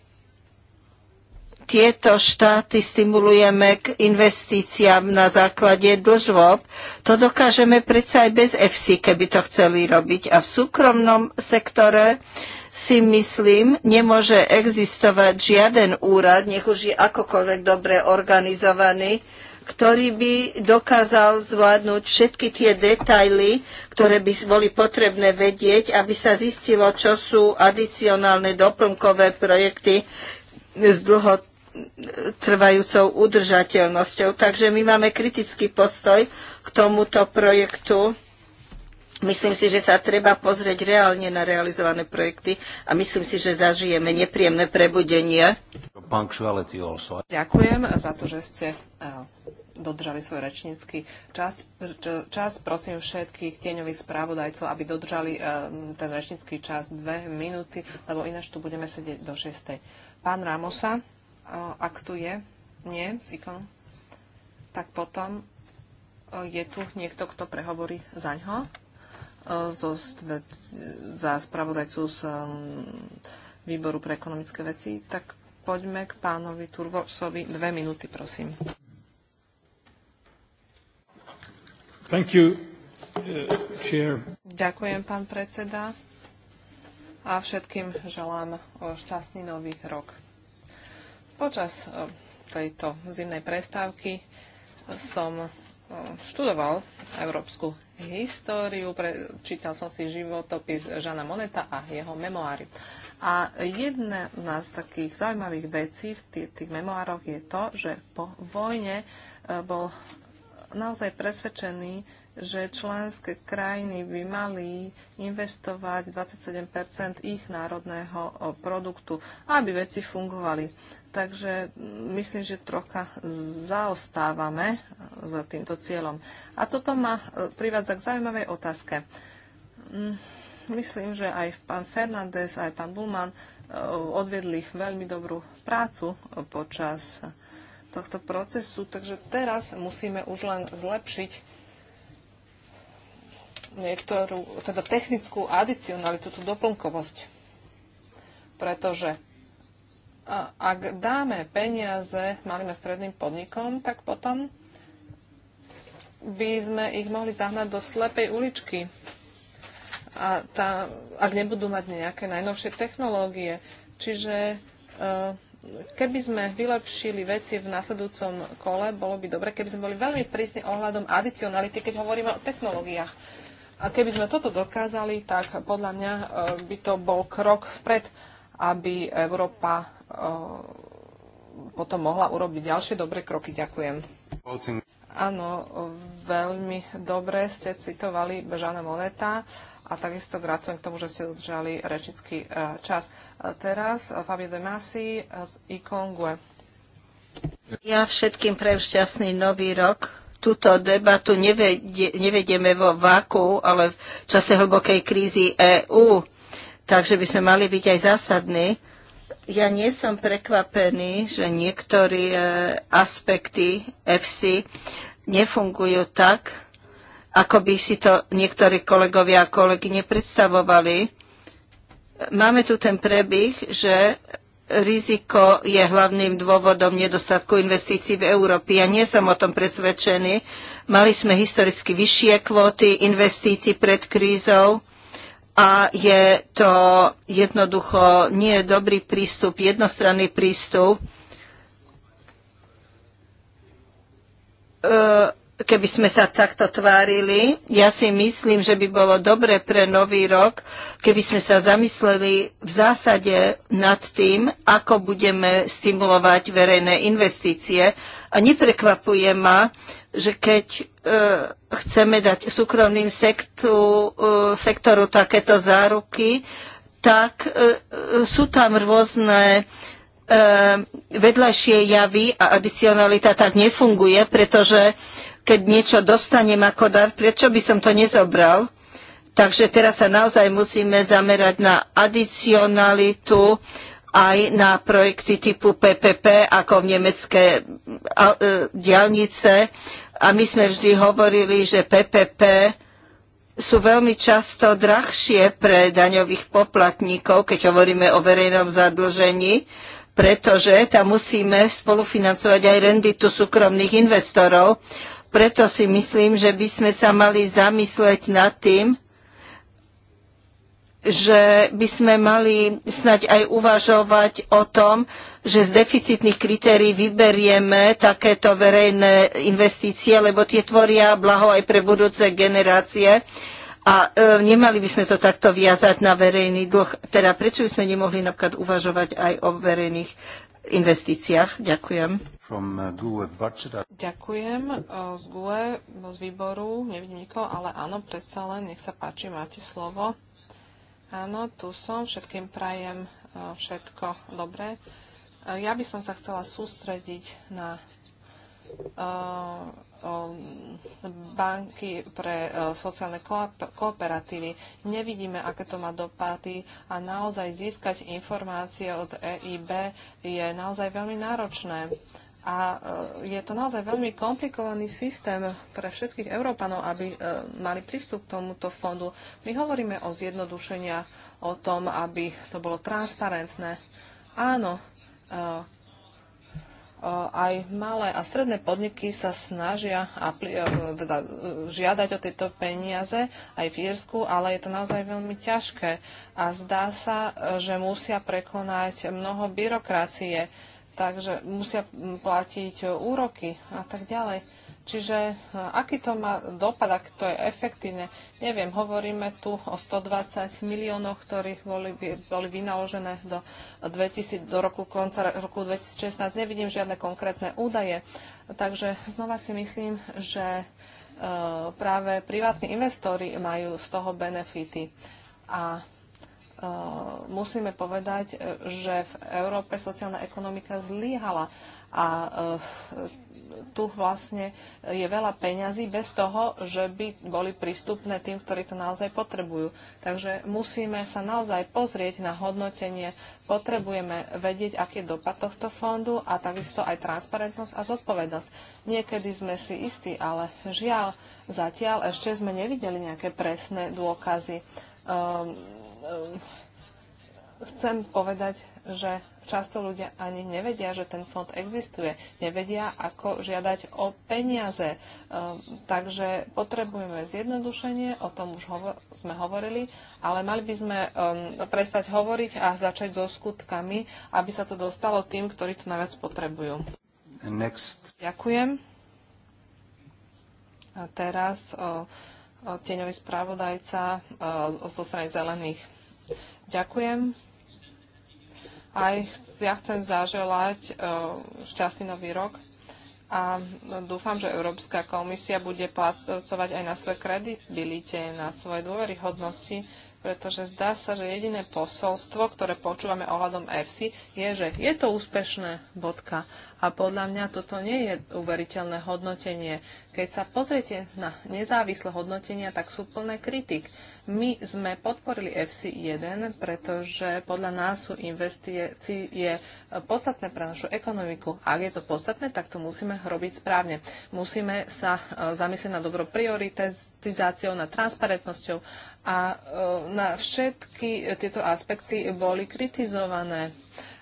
tieto štáty stimulujeme k investíciám na základe dlžôb. To dokážeme predsa aj bez EFSI, keby to chceli robiť. A v súkromnom sektore si myslím, nemôže existovať žiaden úrad, nech už je akokoľvek dobre organizovaný, ktorý by dokázal zvládnuť všetky tie detaily, ktoré by boli potrebné vedieť, aby sa zistilo, čo sú adicionálne doplnkové projekty s dlhotrvajúcou udržateľnosťou. Takže my máme kritický postoj k tomuto projektu Myslím si, že sa treba pozrieť reálne na realizované projekty a myslím si, že zažijeme nepríjemné prebudenie. Ďakujem za to, že ste eh, dodržali svoj rečnícky čas. Čas prosím všetkých tieňových správodajcov, aby dodržali eh, ten rečnícky čas dve minúty, lebo ináč tu budeme sedieť do šestej. Pán Ramosa, eh, ak tu je, nie, Sikon, tak potom je tu niekto, kto prehovorí za ňoho zo, teda, za spravodajcu z um, výboru pre ekonomické veci, tak poďme k pánovi Turvorsovi. Dve minúty, prosím. Thank you, uh, chair. Ďakujem, pán predseda. A všetkým želám uh, šťastný nový rok. Počas uh, tejto zimnej prestávky som uh, študoval európsku históriu, prečítal som si životopis Žana Moneta a jeho memoári. A jedna z takých zaujímavých vecí v tých, tých memoároch je to, že po vojne e, bol naozaj presvedčený, že členské krajiny by mali investovať 27 ich národného produktu, aby veci fungovali. Takže mm, myslím, že trocha zaostávame e, za týmto cieľom. A toto ma e, privádza k zaujímavej otázke. Mm, myslím, že aj pán Fernández, aj pán Bulman e, odvedli veľmi dobrú prácu počas tohto procesu, takže teraz musíme už len zlepšiť niektorú teda technickú adicionalitu, tú doplnkovosť. Pretože ak dáme peniaze malým a stredným podnikom, tak potom by sme ich mohli zahnať do slepej uličky. A tá, ak nebudú mať nejaké najnovšie technológie. Čiže e, keby sme vylepšili veci v nasledujúcom kole, bolo by dobre, keby sme boli veľmi prísni ohľadom adicionality, keď hovoríme o technológiách. A keby sme toto dokázali, tak podľa mňa e, by to bol krok vpred, aby Európa e, potom mohla urobiť ďalšie dobré kroky. Ďakujem. Áno, veľmi dobre ste citovali Bežana Moneta a takisto gratulujem k tomu, že ste dodržali rečický e, čas. Teraz Fabio De Masi z Ikongue. Ja všetkým prejem šťastný nový rok túto debatu nevedie, nevedieme vo váku, ale v čase hlbokej krízy EÚ. Takže by sme mali byť aj zásadní. Ja nie som prekvapený, že niektorí e, aspekty FC nefungujú tak, ako by si to niektorí kolegovia a kolegy nepredstavovali. Máme tu ten prebeh, že riziko je hlavným dôvodom nedostatku investícií v Európe. Ja nie som o tom presvedčený. Mali sme historicky vyššie kvóty investícií pred krízou a je to jednoducho nie je dobrý prístup, jednostranný prístup. E, keby sme sa takto tvárili. Ja si myslím, že by bolo dobre pre nový rok, keby sme sa zamysleli v zásade nad tým, ako budeme stimulovať verejné investície. A neprekvapuje ma, že keď e, chceme dať súkromným sektu, e, sektoru takéto záruky, tak e, sú tam rôzne e, vedľajšie javy a adicionalita tak nefunguje, pretože keď niečo dostanem ako dar, prečo by som to nezobral? Takže teraz sa naozaj musíme zamerať na adicionalitu aj na projekty typu PPP, ako v nemecké e, diálnice. A my sme vždy hovorili, že PPP sú veľmi často drahšie pre daňových poplatníkov, keď hovoríme o verejnom zadlžení, pretože tam musíme spolufinancovať aj renditu súkromných investorov preto si myslím, že by sme sa mali zamysleť nad tým, že by sme mali snať aj uvažovať o tom, že z deficitných kritérií vyberieme takéto verejné investície, lebo tie tvoria blaho aj pre budúce generácie. A e, nemali by sme to takto viazať na verejný dlh. Teda prečo by sme nemohli napríklad uvažovať aj o verejných investíciách? Ďakujem. From, uh, GUE budget. Ďakujem uh, z GUE, z výboru, nevidím nikoho, ale áno, predsa len, nech sa páči, máte slovo. Áno, tu som, všetkým prajem uh, všetko dobré. Ja by som sa chcela sústrediť na um, banky pre sociálne kooperatívy. Nevidíme, aké to má dopady a naozaj získať informácie od EIB je naozaj veľmi náročné. A e, je to naozaj veľmi komplikovaný systém pre všetkých Európanov, aby e, mali prístup k tomuto fondu. My hovoríme o zjednodušeniach, o tom, aby to bolo transparentné. Áno, e, aj malé a stredné podniky sa snažia teda, žiadať o tieto peniaze aj v Írsku, ale je to naozaj veľmi ťažké a zdá sa, že musia prekonať mnoho byrokracie takže musia platiť e, úroky a tak ďalej. Čiže e, aký to má dopad, ak to je efektívne, neviem. Hovoríme tu o 120 miliónoch, ktorých boli, boli vynaložené do, 2000, do roku konca roku 2016. Nevidím žiadne konkrétne údaje. Takže znova si myslím, že e, práve privátni investori majú z toho benefity. A Eh, musíme povedať, eh, že v Európe sociálna ekonomika zlyhala a eh, tu vlastne je veľa peňazí bez toho, že by boli prístupné tým, ktorí to naozaj potrebujú. Takže musíme sa naozaj pozrieť na hodnotenie, potrebujeme vedieť, aký je dopad tohto fondu a takisto aj transparentnosť a zodpovednosť. Niekedy sme si istí, ale žiaľ, zatiaľ ešte sme nevideli nejaké presné dôkazy. Um, Ehm, chcem povedať, že často ľudia ani nevedia, že ten fond existuje. Nevedia, ako žiadať o peniaze. Ehm, takže potrebujeme zjednodušenie, o tom už hovo- sme hovorili, ale mali by sme um, prestať hovoriť a začať so skutkami, aby sa to dostalo tým, ktorí to najviac potrebujú. Next. Ďakujem. A teraz o, o tieňový správodajca o, zo strany zelených. Ďakujem. Aj ja chcem zaželať e, šťastný nový rok a dúfam, že Európska komisia bude pracovať aj na svojej kredibilite, na svojej dôveryhodnosti, pretože zdá sa, že jediné posolstvo, ktoré počúvame ohľadom FC, je, že je to úspešné, bodka. A podľa mňa toto nie je uveriteľné hodnotenie. Keď sa pozriete na nezávislé hodnotenia, tak sú plné kritik. My sme podporili FC 1, pretože podľa nás sú investície podstatné pre našu ekonomiku. Ak je to podstatné, tak to musíme robiť správne. Musíme sa e, zamyslieť na dobro priority, demokratizáciou, nad transparentnosťou a e, na všetky tieto aspekty boli kritizované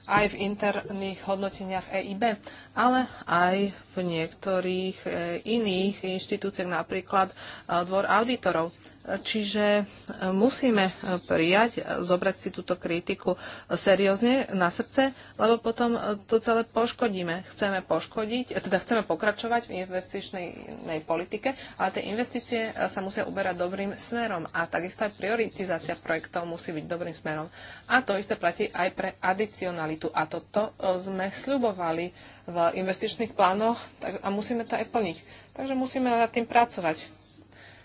aj v interných hodnoteniach EIB, ale aj v niektorých e, iných inštitúciách, napríklad e, Dvor auditorov. Čiže e, musíme e, prijať, e, zobrať si túto kritiku seriózne na srdce, lebo potom to celé poškodíme. Chceme poškodiť, teda chceme pokračovať v investičnej politike, ale tie investície sa musia uberať dobrým smerom a takisto aj prioritizácia projektov musí byť dobrým smerom. A to isté platí aj pre adicionalitu a toto sme sľubovali v investičných plánoch a musíme to aj plniť. Takže musíme nad tým pracovať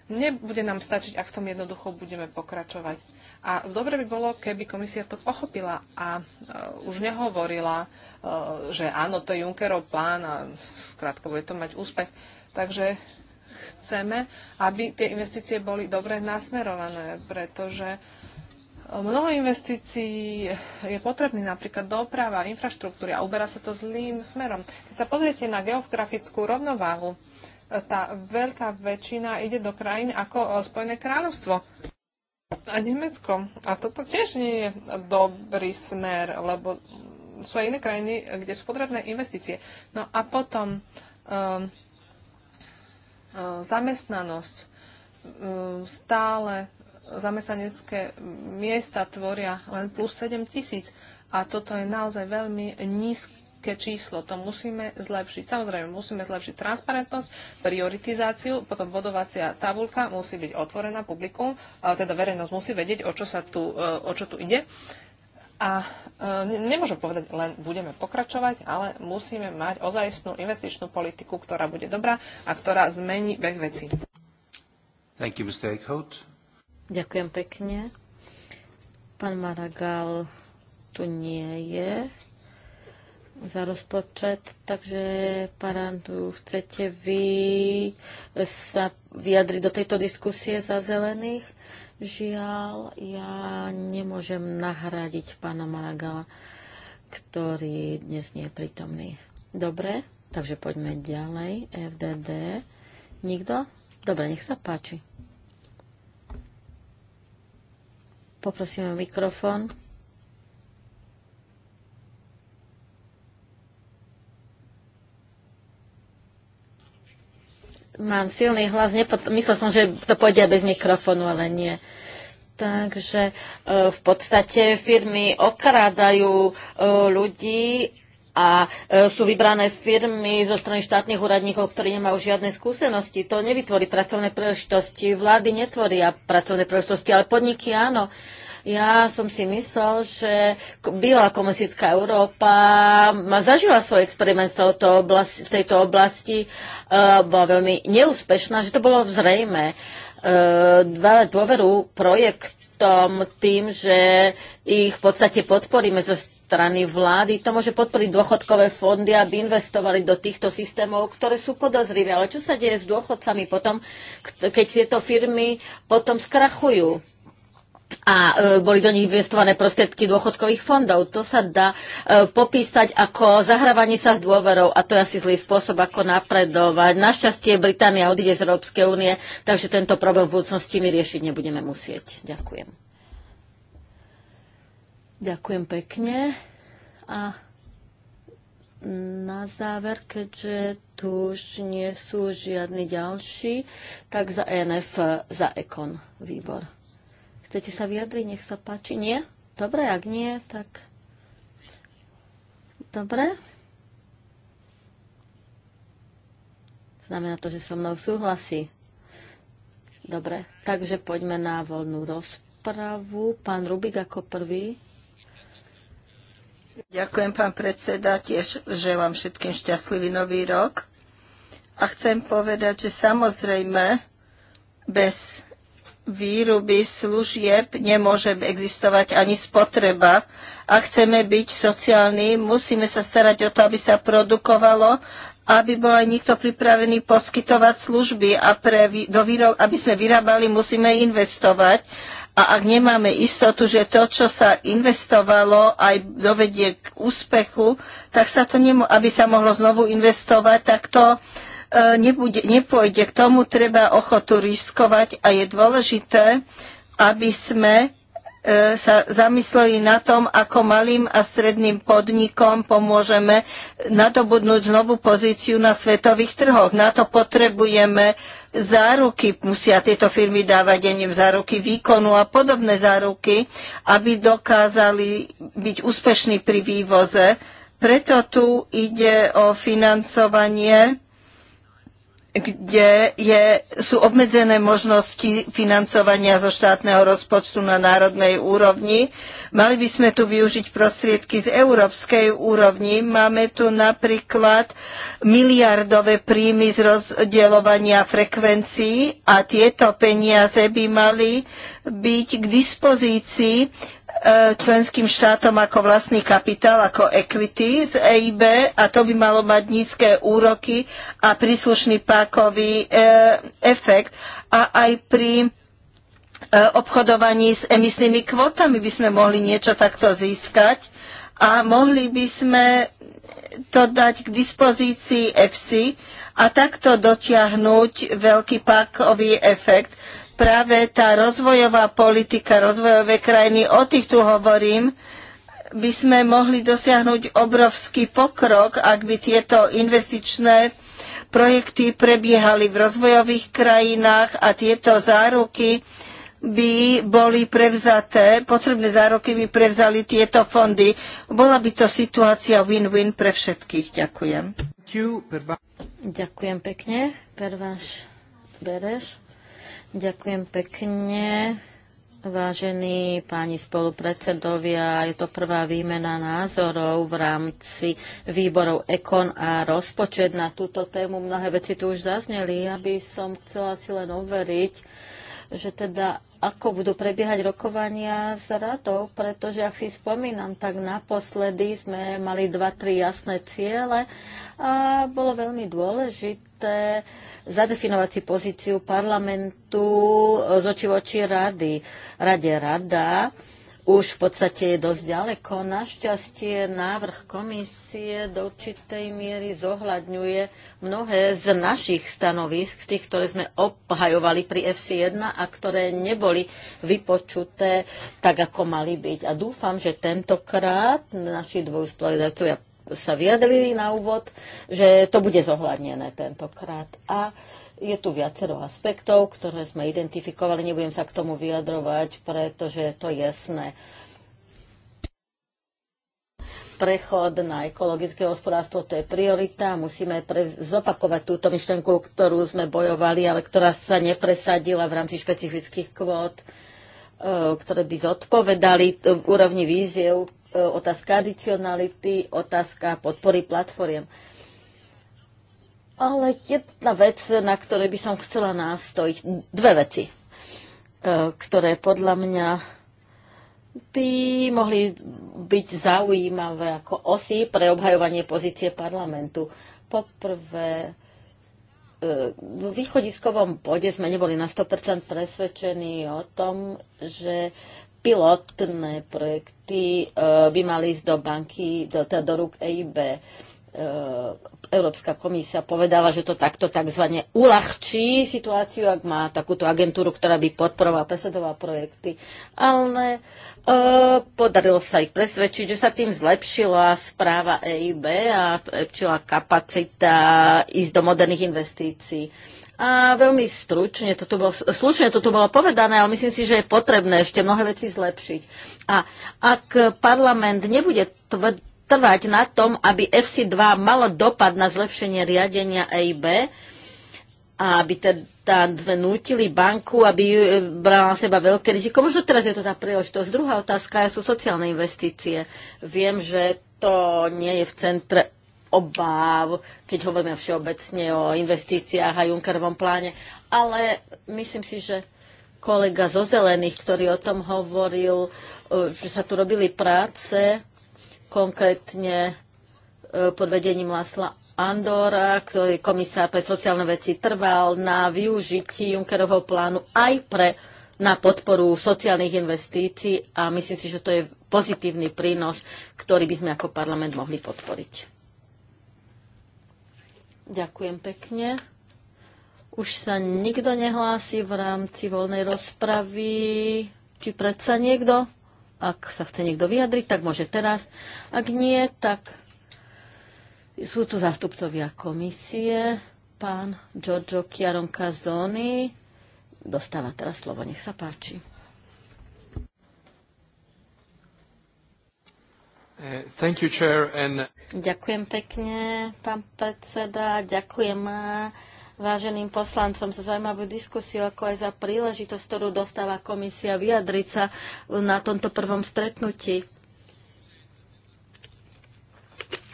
Nebude nám stačiť, ak v tom jednoducho budeme pokračovať. A dobre by bolo, keby komisia to pochopila a uh, už nehovorila, uh, že áno, to je Junckerov plán a skrátka bude to mať úspech. Takže chceme, aby tie investície boli dobre nasmerované, pretože e, Mnoho investícií je potrebný, napríklad doprava, infraštruktúra a uberá sa to zlým smerom. Keď sa pozriete na geografickú rovnováhu, tá veľká väčšina ide do krajín ako e, Spojené kráľovstvo a Nemecko. A toto tiež nie je dobrý smer, lebo sú aj iné krajiny, kde sú potrebné investície. No a potom um, zamestnanosť. Um, stále zamestnanecké miesta tvoria len plus 7 tisíc. A toto je naozaj veľmi nízky veľké číslo. To musíme zlepšiť. Samozrejme, musíme zlepšiť transparentnosť, prioritizáciu, potom bodovacia tabulka musí byť otvorená publikum, teda verejnosť musí vedieť, o čo, sa tu, e, o čo tu ide. A e, nemôžem povedať, len budeme pokračovať, ale musíme mať ozajstnú investičnú politiku, ktorá bude dobrá a ktorá zmení beh veci. Thank you, Mr. Ďakujem pekne. Pán Maragal tu nie je za rozpočet, takže Parandu, chcete vy sa vyjadriť do tejto diskusie za zelených? Žiaľ, ja nemôžem nahradiť pána Maragala, ktorý dnes nie je prítomný. Dobre, takže poďme ďalej. FDD. Nikto? Dobre, nech sa páči. Poprosíme mikrofón. mám silný hlas, nepod... myslel som, že to pôjde bez mikrofónu, ale nie. Takže e, v podstate firmy okrádajú e, ľudí a e, sú vybrané firmy zo strany štátnych úradníkov, ktorí nemajú žiadne skúsenosti. To nevytvorí pracovné príležitosti. Vlády netvoria pracovné príležitosti, ale podniky áno. Ja som si myslel, že bývalá komunistická Európa zažila svoj experiment oblasti, v tejto oblasti, e, bola veľmi neúspešná, že to bolo zrejme. E, veľa dôveru projektom tým, že ich v podstate podporíme zo strany vlády. To môže podporiť dôchodkové fondy, aby investovali do týchto systémov, ktoré sú podozrivé. Ale čo sa deje s dôchodcami potom, keď tieto firmy potom skrachujú? a e, boli do nich investované prostriedky dôchodkových fondov. To sa dá e, popísať ako zahrávanie sa s dôverou a to je asi zlý spôsob, ako napredovať. Našťastie Británia odíde z Európskej únie, takže tento problém v budúcnosti my riešiť nebudeme musieť. Ďakujem. Ďakujem pekne. A na záver, keďže tu už nie sú žiadni ďalší, tak za ENF, za Ekon výbor. Chcete sa vyjadriť? Nech sa páči. Nie? Dobre, ak nie, tak... Dobre. Znamená to, že so mnou súhlasí. Dobre, takže poďme na voľnú rozpravu. Pán Rubik ako prvý. Ďakujem, pán predseda. Tiež želám všetkým šťastlivý nový rok. A chcem povedať, že samozrejme bez výroby služieb nemôže existovať ani spotreba. Ak chceme byť sociálni, musíme sa starať o to, aby sa produkovalo, aby bol aj niekto pripravený poskytovať služby a pre, do výrob, aby sme vyrábali, musíme investovať. A ak nemáme istotu, že to, čo sa investovalo, aj dovedie k úspechu, tak sa to nemo- aby sa mohlo znovu investovať, tak to E, nebude, nepôjde. K tomu treba ochotu riskovať a je dôležité, aby sme e, sa zamysleli na tom, ako malým a stredným podnikom pomôžeme nadobudnúť znovu pozíciu na svetových trhoch. Na to potrebujeme záruky, musia tieto firmy dávať deniem záruky výkonu a podobné záruky, aby dokázali byť úspešní pri vývoze. Preto tu ide o financovanie kde je, sú obmedzené možnosti financovania zo štátneho rozpočtu na národnej úrovni. Mali by sme tu využiť prostriedky z európskej úrovni. Máme tu napríklad miliardové príjmy z rozdielovania frekvencií a tieto peniaze by mali byť k dispozícii E, členským štátom ako vlastný kapitál, ako equity z EIB a to by malo mať nízke úroky a príslušný pákový e, efekt. A aj pri e, obchodovaní s emisnými kvotami by sme mohli niečo takto získať a mohli by sme to dať k dispozícii EFSI a takto dotiahnuť veľký pákový efekt práve tá rozvojová politika, rozvojové krajiny, o tých tu hovorím, by sme mohli dosiahnuť obrovský pokrok, ak by tieto investičné projekty prebiehali v rozvojových krajinách a tieto záruky by boli prevzaté, potrebné zároky by prevzali tieto fondy. Bola by to situácia win-win pre všetkých. Ďakujem. Ďakujem pekne. Perváš Bereš. Ďakujem pekne. Vážení páni spolupredsedovia, je to prvá výmena názorov v rámci výborov Ekon a rozpočet na túto tému. Mnohé veci tu už zazneli. Ja by som chcela si len overiť, že teda ako budú prebiehať rokovania s radou, pretože ak si spomínam, tak naposledy sme mali dva, tri jasné ciele a bolo veľmi dôležité zadefinovať si pozíciu parlamentu e, z oči voči rady. Rade rada už v podstate je dosť ďaleko. Našťastie návrh komisie do určitej miery zohľadňuje mnohé z našich stanovisk, z tých, ktoré sme obhajovali pri FC1 a ktoré neboli vypočuté tak, ako mali byť. A dúfam, že tentokrát naši dvojspravodajcovia sa vyjadrili na úvod, že to bude zohľadnené tentokrát. A je tu viacero aspektov, ktoré sme identifikovali. Nebudem sa k tomu vyjadrovať, pretože je to jasné prechod na ekologické hospodárstvo, to je priorita. Musíme pre, zopakovať túto myšlenku, ktorú sme bojovali, ale ktorá sa nepresadila v rámci špecifických kvót, e, ktoré by zodpovedali e, úrovni víziev, E, otázka adicionality, otázka podpory platformiem. Ale jedna vec, na ktorej by som chcela nástojiť, dve veci, e, ktoré podľa mňa by mohli byť zaujímavé ako osy pre obhajovanie pozície parlamentu. Poprvé, e, v východiskovom bode sme neboli na 100% presvedčení o tom, že pilotné projekty e, by mali ísť do banky, do, teda do rúk EIB. E, Európska komisia povedala, že to takto tzv. uľahčí situáciu, ak má takúto agentúru, ktorá by podporovala, presadová projekty. Ale e, podarilo sa ich presvedčiť, že sa tým zlepšila správa EIB a zlepšila kapacita ísť do moderných investícií. A veľmi stručne toto, bolo, slučne toto bolo povedané, ale myslím si, že je potrebné ešte mnohé veci zlepšiť. A ak parlament nebude trvať na tom, aby FC2 malo dopad na zlepšenie riadenia EIB, a aby teda dve nútili banku, aby e, brala na seba veľké riziko. Možno teraz je to tá príležitosť. Druhá otázka sú sociálne investície. Viem, že to nie je v centre obáv, keď hovoríme všeobecne o investíciách a Junckerovom pláne, ale myslím si, že kolega zo Zelených, ktorý o tom hovoril, e, že sa tu robili práce, konkrétne e, pod vedením Lasla Andora, ktorý komisár pre sociálne veci trval na využití Junckerovho plánu aj pre na podporu sociálnych investícií a myslím si, že to je pozitívny prínos, ktorý by sme ako parlament mohli podporiť. Ďakujem pekne. Už sa nikto nehlási v rámci voľnej rozpravy. Či predsa niekto? Ak sa chce niekto vyjadriť, tak môže teraz. Ak nie, tak sú tu zástupcovia komisie. Pán Giorgio Chiaron Cazoni dostáva teraz slovo. Nech sa páči. Thank you, chair, and... Ďakujem pekne, pán predseda. Ďakujem e, váženým poslancom za zaujímavú diskusiu, ako aj za príležitosť, ktorú dostáva komisia vyjadriť sa na tomto prvom stretnutí.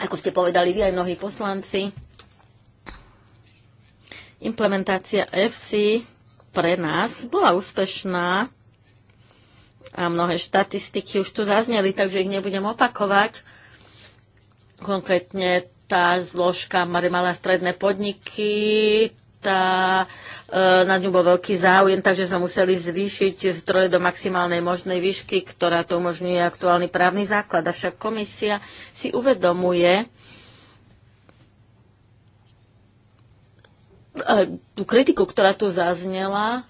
Ako ste povedali vy aj mnohí poslanci, implementácia FC pre nás bola úspešná a mnohé štatistiky už tu zazneli, takže ich nebudem opakovať. Konkrétne tá zložka malé a stredné podniky, tá, e, na ňu bol veľký záujem, takže sme museli zvýšiť zdroje do maximálnej možnej výšky, ktorá to umožňuje aktuálny právny základ. Avšak komisia si uvedomuje e, tú kritiku, ktorá tu zaznela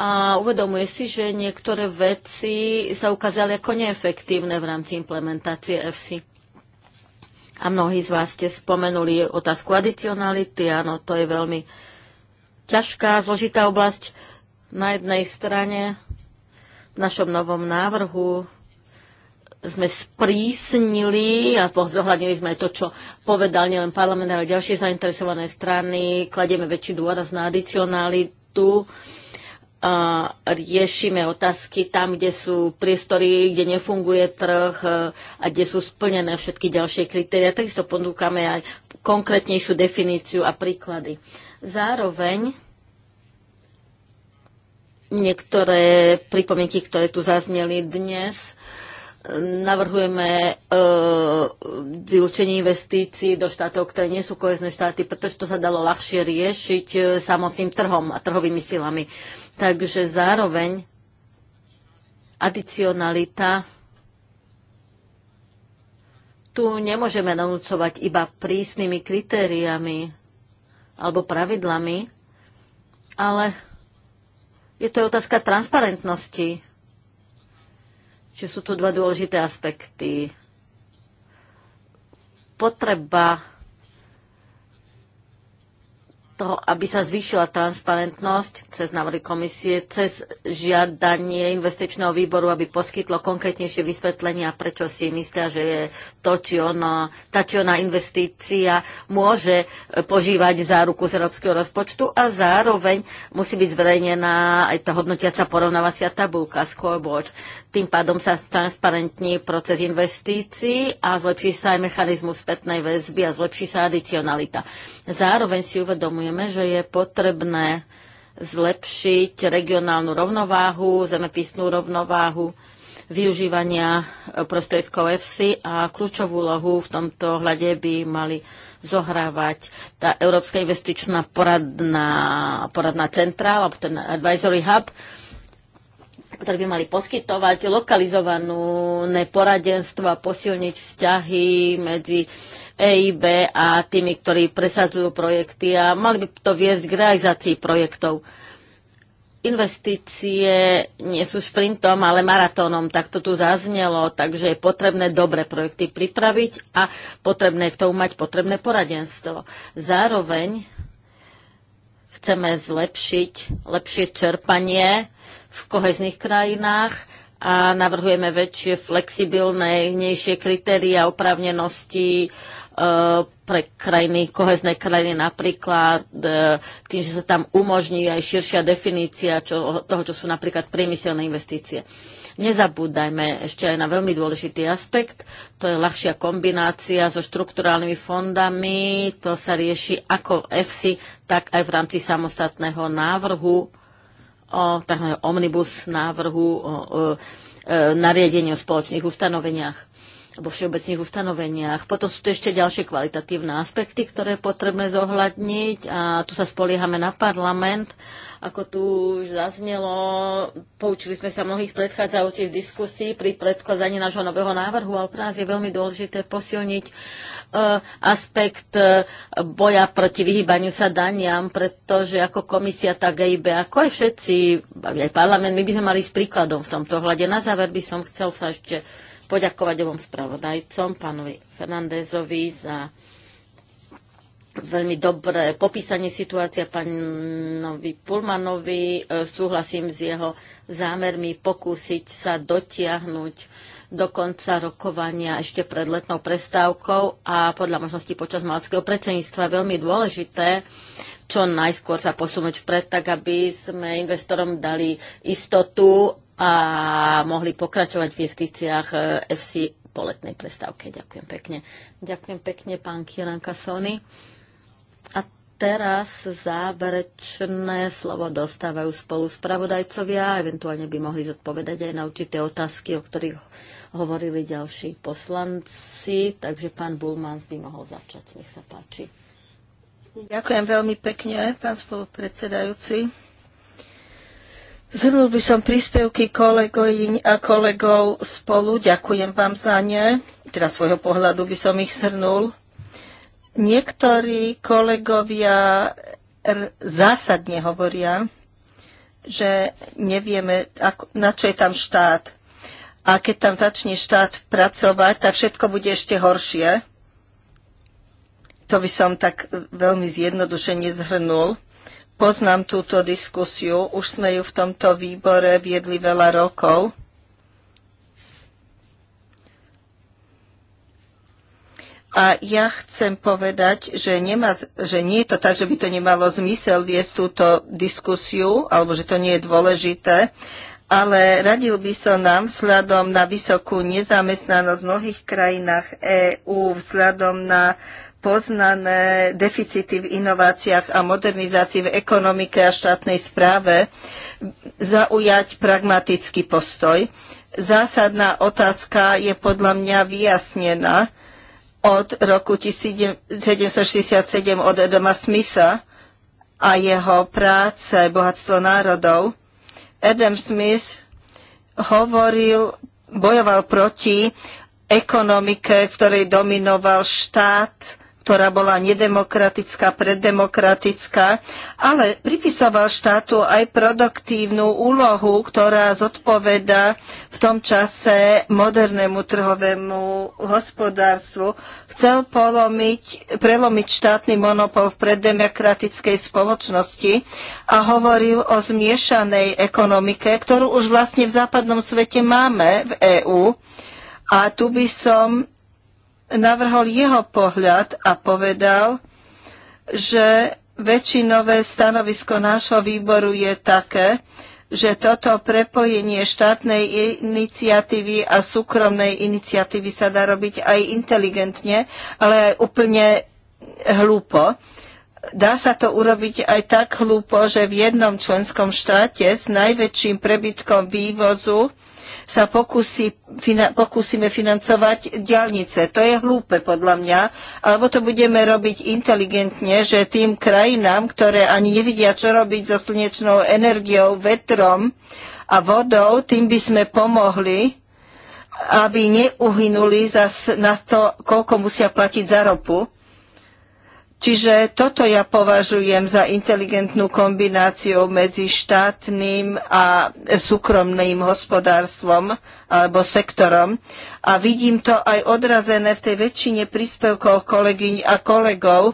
a uvedomuje si, že niektoré veci sa ukázali ako neefektívne v rámci implementácie EFSI. A mnohí z vás ste spomenuli otázku adicionality. Áno, to je veľmi ťažká, zložitá oblasť. Na jednej strane v našom novom návrhu sme sprísnili a zohľadnili sme aj to, čo povedal nielen parlament, ale ďalšie zainteresované strany. Kladieme väčší dôraz na adicionalitu. Uh, riešime otázky tam, kde sú priestory, kde nefunguje trh e, a kde sú splnené všetky ďalšie kritéria. Takisto ponúkame aj konkrétnejšiu definíciu a príklady. Zároveň niektoré pripomienky, ktoré tu zazneli dnes, navrhujeme e, vylúčenie investícií do štátov, ktoré nie sú kohezné štáty, pretože to sa dalo ľahšie riešiť e, samotným trhom a trhovými silami. Takže zároveň adicionalita tu nemôžeme nanúcovať iba prísnymi kritériami alebo pravidlami, ale je to otázka transparentnosti. Či sú tu dva dôležité aspekty. Potreba toho, aby sa zvýšila transparentnosť cez návrhy komisie, cez žiadanie investičného výboru, aby poskytlo konkrétnejšie vysvetlenia, prečo si myslia, že je to, či ono, tá či ona investícia môže požívať záruku z európskeho rozpočtu a zároveň musí byť zverejnená aj tá hodnotiaca porovnávacia tabulka, scoreboard. Tým pádom sa transparentní proces investícií a zlepší sa aj mechanizmus spätnej väzby a zlepší sa adicionalita. Zároveň si uvedomujeme, že je potrebné zlepšiť regionálnu rovnováhu, zemepisnú rovnováhu využívania e, prostriedkov EFSI a kľúčovú lohu v tomto hľade by mali zohrávať tá Európska investičná poradná, poradná centrála, alebo ten advisory hub, ktoré by mali poskytovať lokalizovanú poradenstvo a posilniť vzťahy medzi EIB a tými, ktorí presadzujú projekty a mali by to viesť k realizácii projektov. Investície nie sú sprintom, ale maratónom, tak to tu zaznelo, takže je potrebné dobre projekty pripraviť a potrebné k tomu mať potrebné poradenstvo. Zároveň Chceme zlepšiť lepšie čerpanie v kohezných krajinách a navrhujeme väčšie flexibilnejšie kritéria oprávnenosti E, pre krajiny, kohezné krajiny napríklad, e, tým, že sa tam umožní aj širšia definícia čo, toho, čo sú napríklad priemyselné investície. Nezabúdajme ešte aj na veľmi dôležitý aspekt, to je ľahšia kombinácia so štrukturálnymi fondami, to sa rieši ako v EFSI, tak aj v rámci samostatného návrhu, o tzv. omnibus návrhu, o, o, e, nariadení o spoločných ustanoveniach vo všeobecných ustanoveniach. Potom sú tu ešte ďalšie kvalitatívne aspekty, ktoré je potrebné zohľadniť a tu sa spoliehame na parlament. Ako tu už zaznelo, poučili sme sa mnohých predchádzajúcich diskusí pri predkladaní nášho nového návrhu, ale pre nás je veľmi dôležité posilniť e, aspekt e, boja proti vyhýbaniu sa daniam, pretože ako komisia, tak e IB, ako aj všetci, aj parlament, my by sme mali s príkladom v tomto hľade. Na záver by som chcel sa ešte poďakovať obom spravodajcom, pánovi Fernandezovi za veľmi dobré popísanie situácie pánovi Pulmanovi. E, súhlasím s jeho zámermi pokúsiť sa dotiahnuť do konca rokovania ešte pred letnou prestávkou a podľa možností počas malského predsedníctva je veľmi dôležité čo najskôr sa posunúť vpred, tak aby sme investorom dali istotu a mohli pokračovať v investíciách e, FC po letnej prestávke. Ďakujem pekne. Ďakujem pekne, pán Kieran Kasony. A teraz záverečné slovo dostávajú spolu spravodajcovia, eventuálne by mohli zodpovedať aj na určité otázky, o ktorých hovorili ďalší poslanci, takže pán Bulmans by mohol začať, nech sa páči. Ďakujem veľmi pekne, pán spolupredsedajúci. Zhrnul by som príspevky kolegojiň a kolegov spolu. Ďakujem vám za ne. Teda svojho pohľadu by som ich zhrnul. Niektorí kolegovia zásadne hovoria, že nevieme, na čo je tam štát. A keď tam začne štát pracovať, tak všetko bude ešte horšie. To by som tak veľmi zjednodušene zhrnul. Poznám túto diskusiu, už sme ju v tomto výbore viedli veľa rokov. A ja chcem povedať, že, nemá, že nie je to tak, že by to nemalo zmysel viesť túto diskusiu, alebo že to nie je dôležité, ale radil by som nám vzhľadom na vysokú nezamestnanosť v mnohých krajinách EÚ, vzhľadom na uh, poznané deficity v inováciách a modernizácii v ekonomike a štátnej správe, zaujať pragmatický postoj. Zásadná otázka je podľa mňa vyjasnená od roku 1767 od Edema Smitha a jeho práce Bohatstvo národov. Adam Smith hovoril, bojoval proti ekonomike, v ktorej dominoval štát, ktorá bola nedemokratická, preddemokratická, ale pripisoval štátu aj produktívnu úlohu, ktorá zodpoveda v tom čase modernému trhovému hospodárstvu. Chcel polomiť, prelomiť štátny monopol v preddemokratickej spoločnosti a hovoril o zmiešanej ekonomike, ktorú už vlastne v západnom svete máme v EÚ. A tu by som navrhol jeho pohľad a povedal, že väčšinové stanovisko nášho výboru je také, že toto prepojenie štátnej iniciatívy a súkromnej iniciatívy sa dá robiť aj inteligentne, ale aj úplne hlúpo. Dá sa to urobiť aj tak hlúpo, že v jednom členskom štáte s najväčším prebytkom vývozu sa pokusí, fina, pokúsime financovať diálnice. To je hlúpe podľa mňa, alebo to budeme robiť inteligentne, že tým krajinám, ktoré ani nevidia, čo robiť so slnečnou energiou, vetrom a vodou, tým by sme pomohli, aby neuhynuli zas na to, koľko musia platiť za ropu. Čiže toto ja považujem za inteligentnú kombináciu medzi štátnym a súkromným hospodárstvom alebo sektorom. A vidím to aj odrazené v tej väčšine príspevkov kolegyň a kolegov,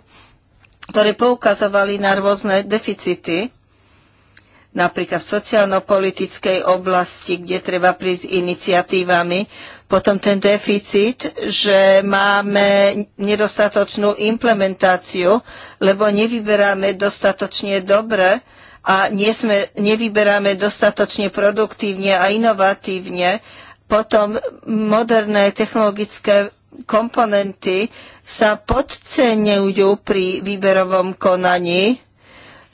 ktoré poukazovali na rôzne deficity napríklad v sociálno-politickej oblasti, kde treba prísť iniciatívami, potom ten deficit, že máme nedostatočnú implementáciu, lebo nevyberáme dostatočne dobre a nesme, nevyberáme dostatočne produktívne a inovatívne. Potom moderné technologické komponenty sa podceňujú pri výberovom konaní.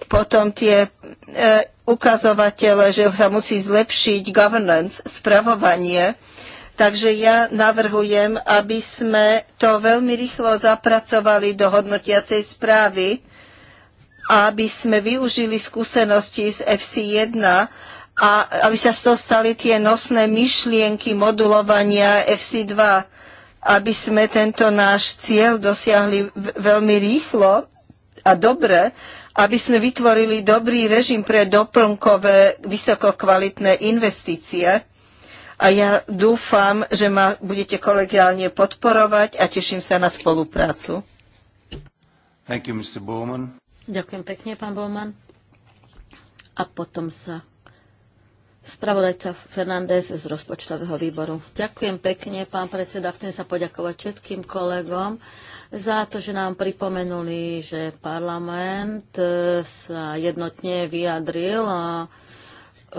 Potom tie e, ukazovatele, že sa musí zlepšiť governance, spravovanie, Takže ja navrhujem, aby sme to veľmi rýchlo zapracovali do hodnotiacej správy, aby sme využili skúsenosti z FC1 a aby sa z toho stali tie nosné myšlienky modulovania FC2, aby sme tento náš cieľ dosiahli veľmi rýchlo a dobre, aby sme vytvorili dobrý režim pre doplnkové vysokokvalitné investície a ja dúfam, že ma budete kolegiálne podporovať a teším sa na spoluprácu. Thank you, Mr. Bowman. Ďakujem pekne, pán Bowman. A potom sa spravodajca Fernández z rozpočtového výboru. Ďakujem pekne, pán predseda. Chcem sa poďakovať všetkým kolegom za to, že nám pripomenuli, že parlament eh, sa jednotne vyjadril a,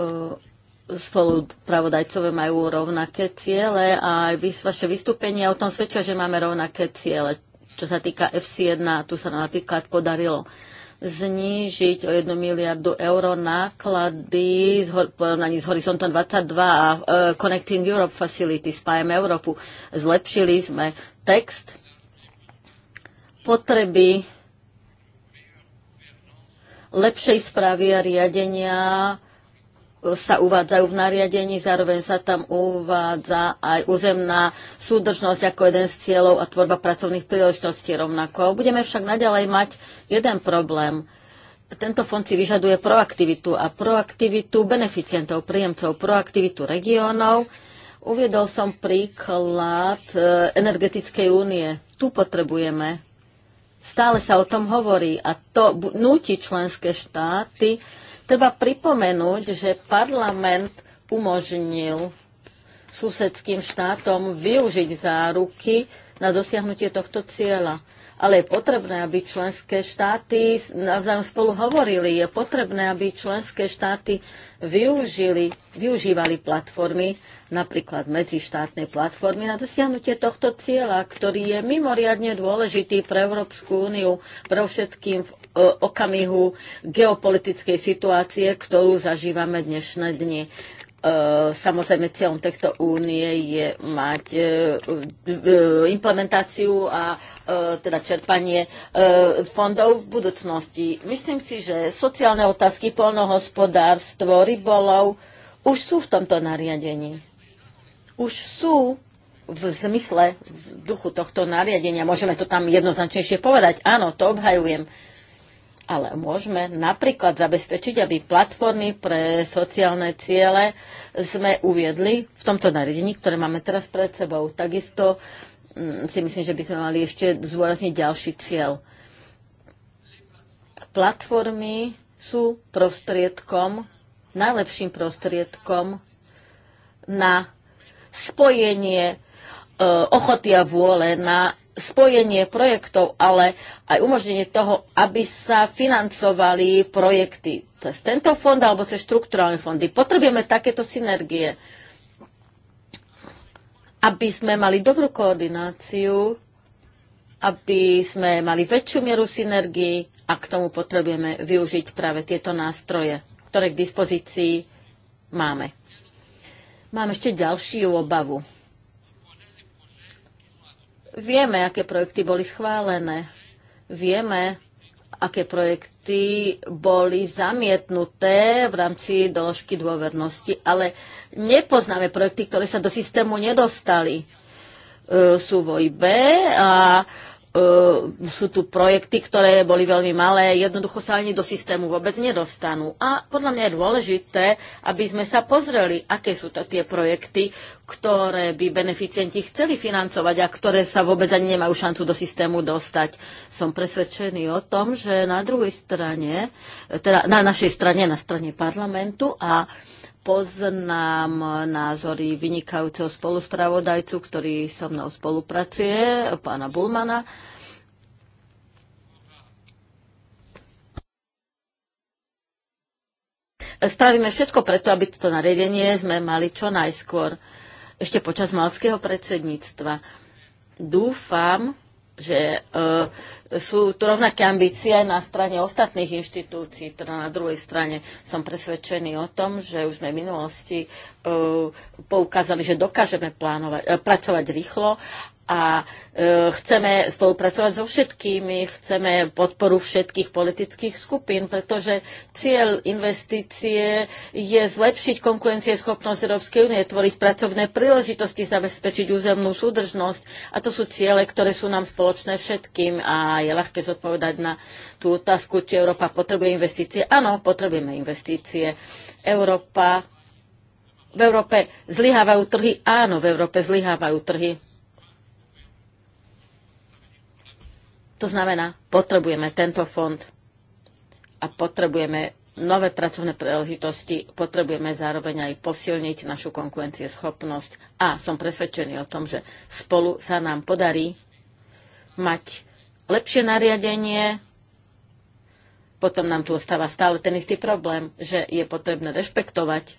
a eh, spolupravodajcové majú rovnaké ciele a aj vaše vystúpenie o tom svedčia, že máme rovnaké ciele. Čo sa týka FC1, tu sa nám napríklad podarilo znížiť o 1 miliardu eur náklady porovnaní s Horizontom 22 a e, Connecting Europe Facility, Spájame Európu. Zlepšili sme text, potreby lepšej správy a riadenia sa uvádzajú v nariadení, zároveň sa tam uvádza aj územná súdržnosť ako jeden z cieľov a tvorba pracovných príležitostí rovnako. Budeme však naďalej mať jeden problém. Tento fond si vyžaduje proaktivitu a proaktivitu beneficientov, príjemcov, proaktivitu regiónov. Uviedol som príklad e, energetickej únie. Tu potrebujeme. Stále sa o tom hovorí a to núti členské štáty Treba pripomenúť, že parlament umožnil susedským štátom využiť záruky na dosiahnutie tohto cieľa. Ale je potrebné, aby členské štáty navzájom spolu hovorili. Je potrebné, aby členské štáty využili, využívali platformy, napríklad medzištátnej platformy na dosiahnutie tohto cieľa, ktorý je mimoriadne dôležitý pre Európsku úniu, pre všetkým v okamihu geopolitickej situácie, ktorú zažívame dnešné dni. E, samozrejme, cieľom tejto únie je mať e, e, implementáciu a teda čerpanie fondov v budúcnosti. Myslím si, že sociálne otázky, polnohospodárstvo, rybolov už sú v tomto nariadení. Už sú v zmysle, v duchu tohto nariadenia. Môžeme to tam jednoznačnejšie povedať. Áno, to obhajujem ale môžeme napríklad zabezpečiť, aby platformy pre sociálne ciele sme uviedli v tomto nariadení, ktoré máme teraz pred sebou. Takisto mm, si myslím, že by sme mali ešte zúrazniť ďalší cieľ. Platformy sú prostriedkom, najlepším prostriedkom na spojenie e, ochoty a vôle na spojenie projektov, ale aj umožnenie toho, aby sa financovali projekty cez tento fond alebo cez štrukturálne fondy. Potrebujeme takéto synergie, aby sme mali dobrú koordináciu, aby sme mali väčšiu mieru synergii a k tomu potrebujeme využiť práve tieto nástroje, ktoré k dispozícii máme. Mám ešte ďalšiu obavu Vieme, aké projekty boli schválené. Vieme, aké projekty boli zamietnuté v rámci doložky dôvernosti, ale nepoznáme projekty, ktoré sa do systému nedostali. E, sú vo IB a sú tu projekty, ktoré boli veľmi malé, jednoducho sa ani do systému vôbec nedostanú. A podľa mňa je dôležité, aby sme sa pozreli, aké sú to tie projekty, ktoré by beneficienti chceli financovať a ktoré sa vôbec ani nemajú šancu do systému dostať. Som presvedčený o tom, že na druhej strane, teda na našej strane, na strane parlamentu a poznám názory vynikajúceho spoluspravodajcu, ktorý so mnou spolupracuje, pána Bulmana. Spravíme všetko preto, aby toto nariadenie sme mali čo najskôr, ešte počas malského predsedníctva. Dúfam, že uh, sú tu rovnaké ambície na strane ostatných inštitúcií, teda na druhej strane som presvedčený o tom, že už sme v minulosti uh, poukázali, že dokážeme plánovať, uh, e, pracovať rýchlo a e, chceme spolupracovať so všetkými, chceme podporu všetkých politických skupín, pretože cieľ investície je zlepšiť konkurencieschopnosť Európskej únie, tvoriť pracovné príležitosti, zabezpečiť územnú súdržnosť a to sú ciele, ktoré sú nám spoločné všetkým a je ľahké zodpovedať na tú otázku, či Európa potrebuje investície. Áno, potrebujeme investície. Európa v Európe zlyhávajú trhy? Áno, v Európe zlyhávajú trhy To znamená, potrebujeme tento fond a potrebujeme nové pracovné príležitosti, potrebujeme zároveň aj posilniť našu konkurencieschopnosť a som presvedčený o tom, že spolu sa nám podarí mať lepšie nariadenie, potom nám tu ostáva stále ten istý problém, že je potrebné rešpektovať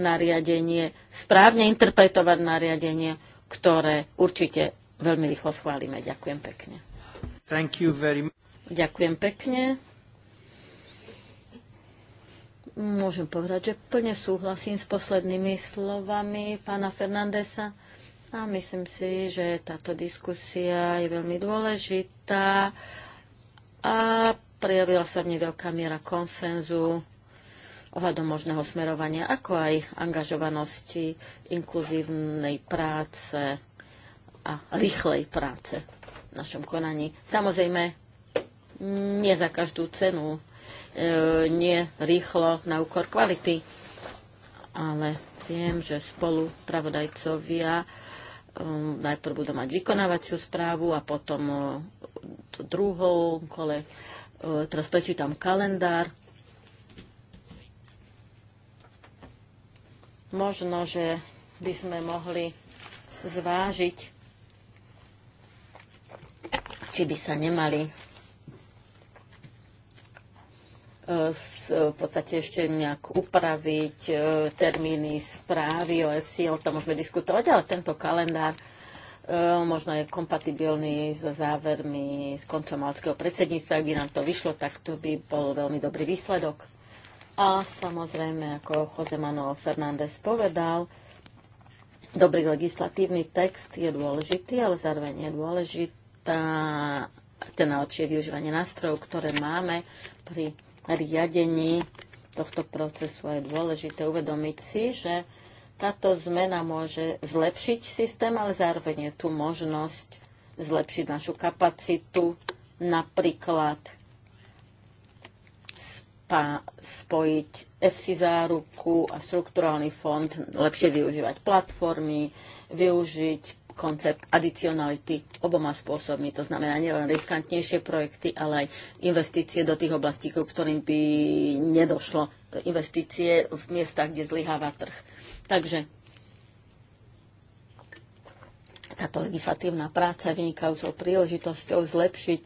nariadenie, správne interpretovať nariadenie, ktoré určite veľmi rýchlo schválime. Ďakujem pekne. Thank you very much. Ďakujem pekne. Môžem povedať, že plne súhlasím s poslednými slovami pána Fernandesa a myslím si, že táto diskusia je veľmi dôležitá a prejavila sa v nej veľká miera konsenzu ohľadom možného smerovania, ako aj angažovanosti inkluzívnej práce a rýchlej práce našom konaní. Samozrejme, nie za každú cenu, e, nie rýchlo na úkor kvality, ale viem, že spolu pravodajcovia e, najprv budú mať vykonávaciu správu a potom e, druhou kole. Teraz prečítam kalendár. Možno, že by sme mohli zvážiť či by sa nemali e, v podstate ešte nejak upraviť e, termíny správy o FC, o tom môžeme diskutovať, ale tento kalendár e, možno je kompatibilný so závermi z koncomalského predsedníctva. Ak by nám to vyšlo, tak to by bol veľmi dobrý výsledok. A samozrejme, ako Jose Manuel Fernández povedal, dobrý legislatívny text je dôležitý, ale zároveň je dôležitý tá, ten najlepšie využívanie nástrojov, ktoré máme pri riadení tohto procesu je dôležité uvedomiť si, že táto zmena môže zlepšiť systém, ale zároveň je tu možnosť zlepšiť našu kapacitu, napríklad spa, spojiť FC záruku a štruktúrálny fond, lepšie využívať platformy, využiť koncept adicionality oboma spôsobmi. To znamená nielen riskantnejšie projekty, ale aj investície do tých oblastí, ku ktorým by nedošlo investície v miestach, kde zlyháva trh. Takže táto legislatívna práca je vynikajúcou príležitosťou zlepšiť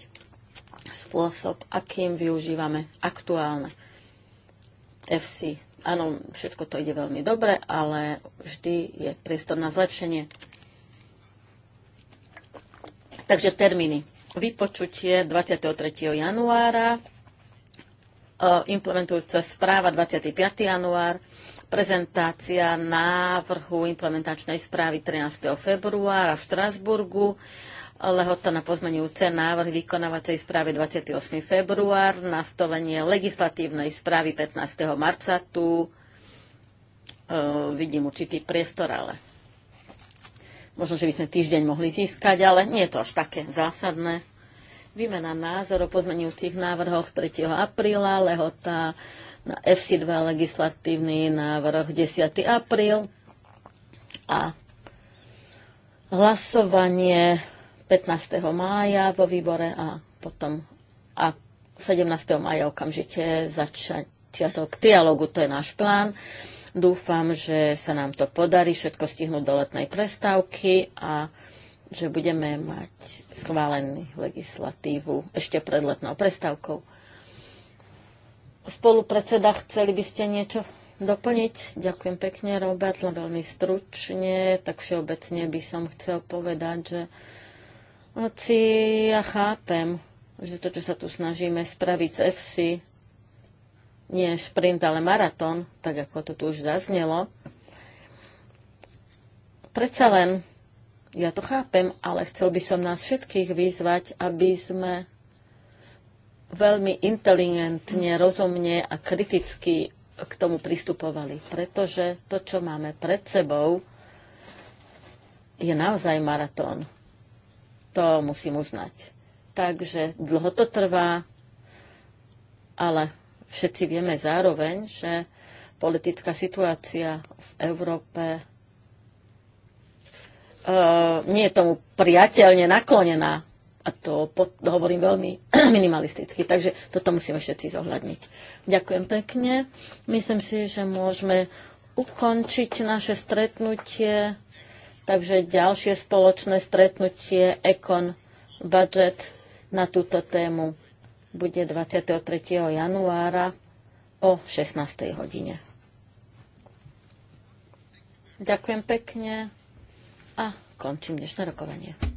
spôsob, akým využívame aktuálne FC. Áno, všetko to ide veľmi dobre, ale vždy je priestor na zlepšenie. Takže termíny. Vypočutie 23. januára, e, implementujúca správa 25. január, prezentácia návrhu implementačnej správy 13. februára v Štrasburgu, lehota na pozmenujúce návrh vykonávacej správy 28. február, nastavenie legislatívnej správy 15. marca. Tu uh, vidím určitý priestor, ale Možno, že by sme týždeň mohli získať, ale nie je to až také zásadné. Výmena názor o pozmenujúcich návrhoch 3. apríla, lehota na FC2 legislatívny návrh 10. apríl a hlasovanie 15. mája vo výbore a potom a 17. maja okamžite tiatok dialogu, to je náš plán. Dúfam, že sa nám to podarí všetko stihnúť do letnej prestávky a že budeme mať schválenú legislatívu ešte pred letnou prestávkou. Spolupredseda, chceli by ste niečo doplniť? Ďakujem pekne, Robert, len veľmi stručne. Tak všeobecne by som chcel povedať, že hoci ja chápem, že to, čo sa tu snažíme spraviť z EFSI, nie šprint, ale maratón, tak ako to tu už zaznelo. Predsa len, ja to chápem, ale chcel by som nás všetkých vyzvať, aby sme veľmi inteligentne, rozumne a kriticky k tomu pristupovali, pretože to, čo máme pred sebou, je naozaj maratón. To musím uznať. Takže dlho to trvá, ale Všetci vieme zároveň, že politická situácia v Európe e, nie je tomu priateľne naklonená. A to pod, hovorím veľmi minimalisticky. Takže toto musíme všetci zohľadniť. Ďakujem pekne. Myslím si, že môžeme ukončiť naše stretnutie. Takže ďalšie spoločné stretnutie Econ Budget na túto tému bude 23. januára o 16. hodine. Ďakujem pekne a končím dnešné rokovanie.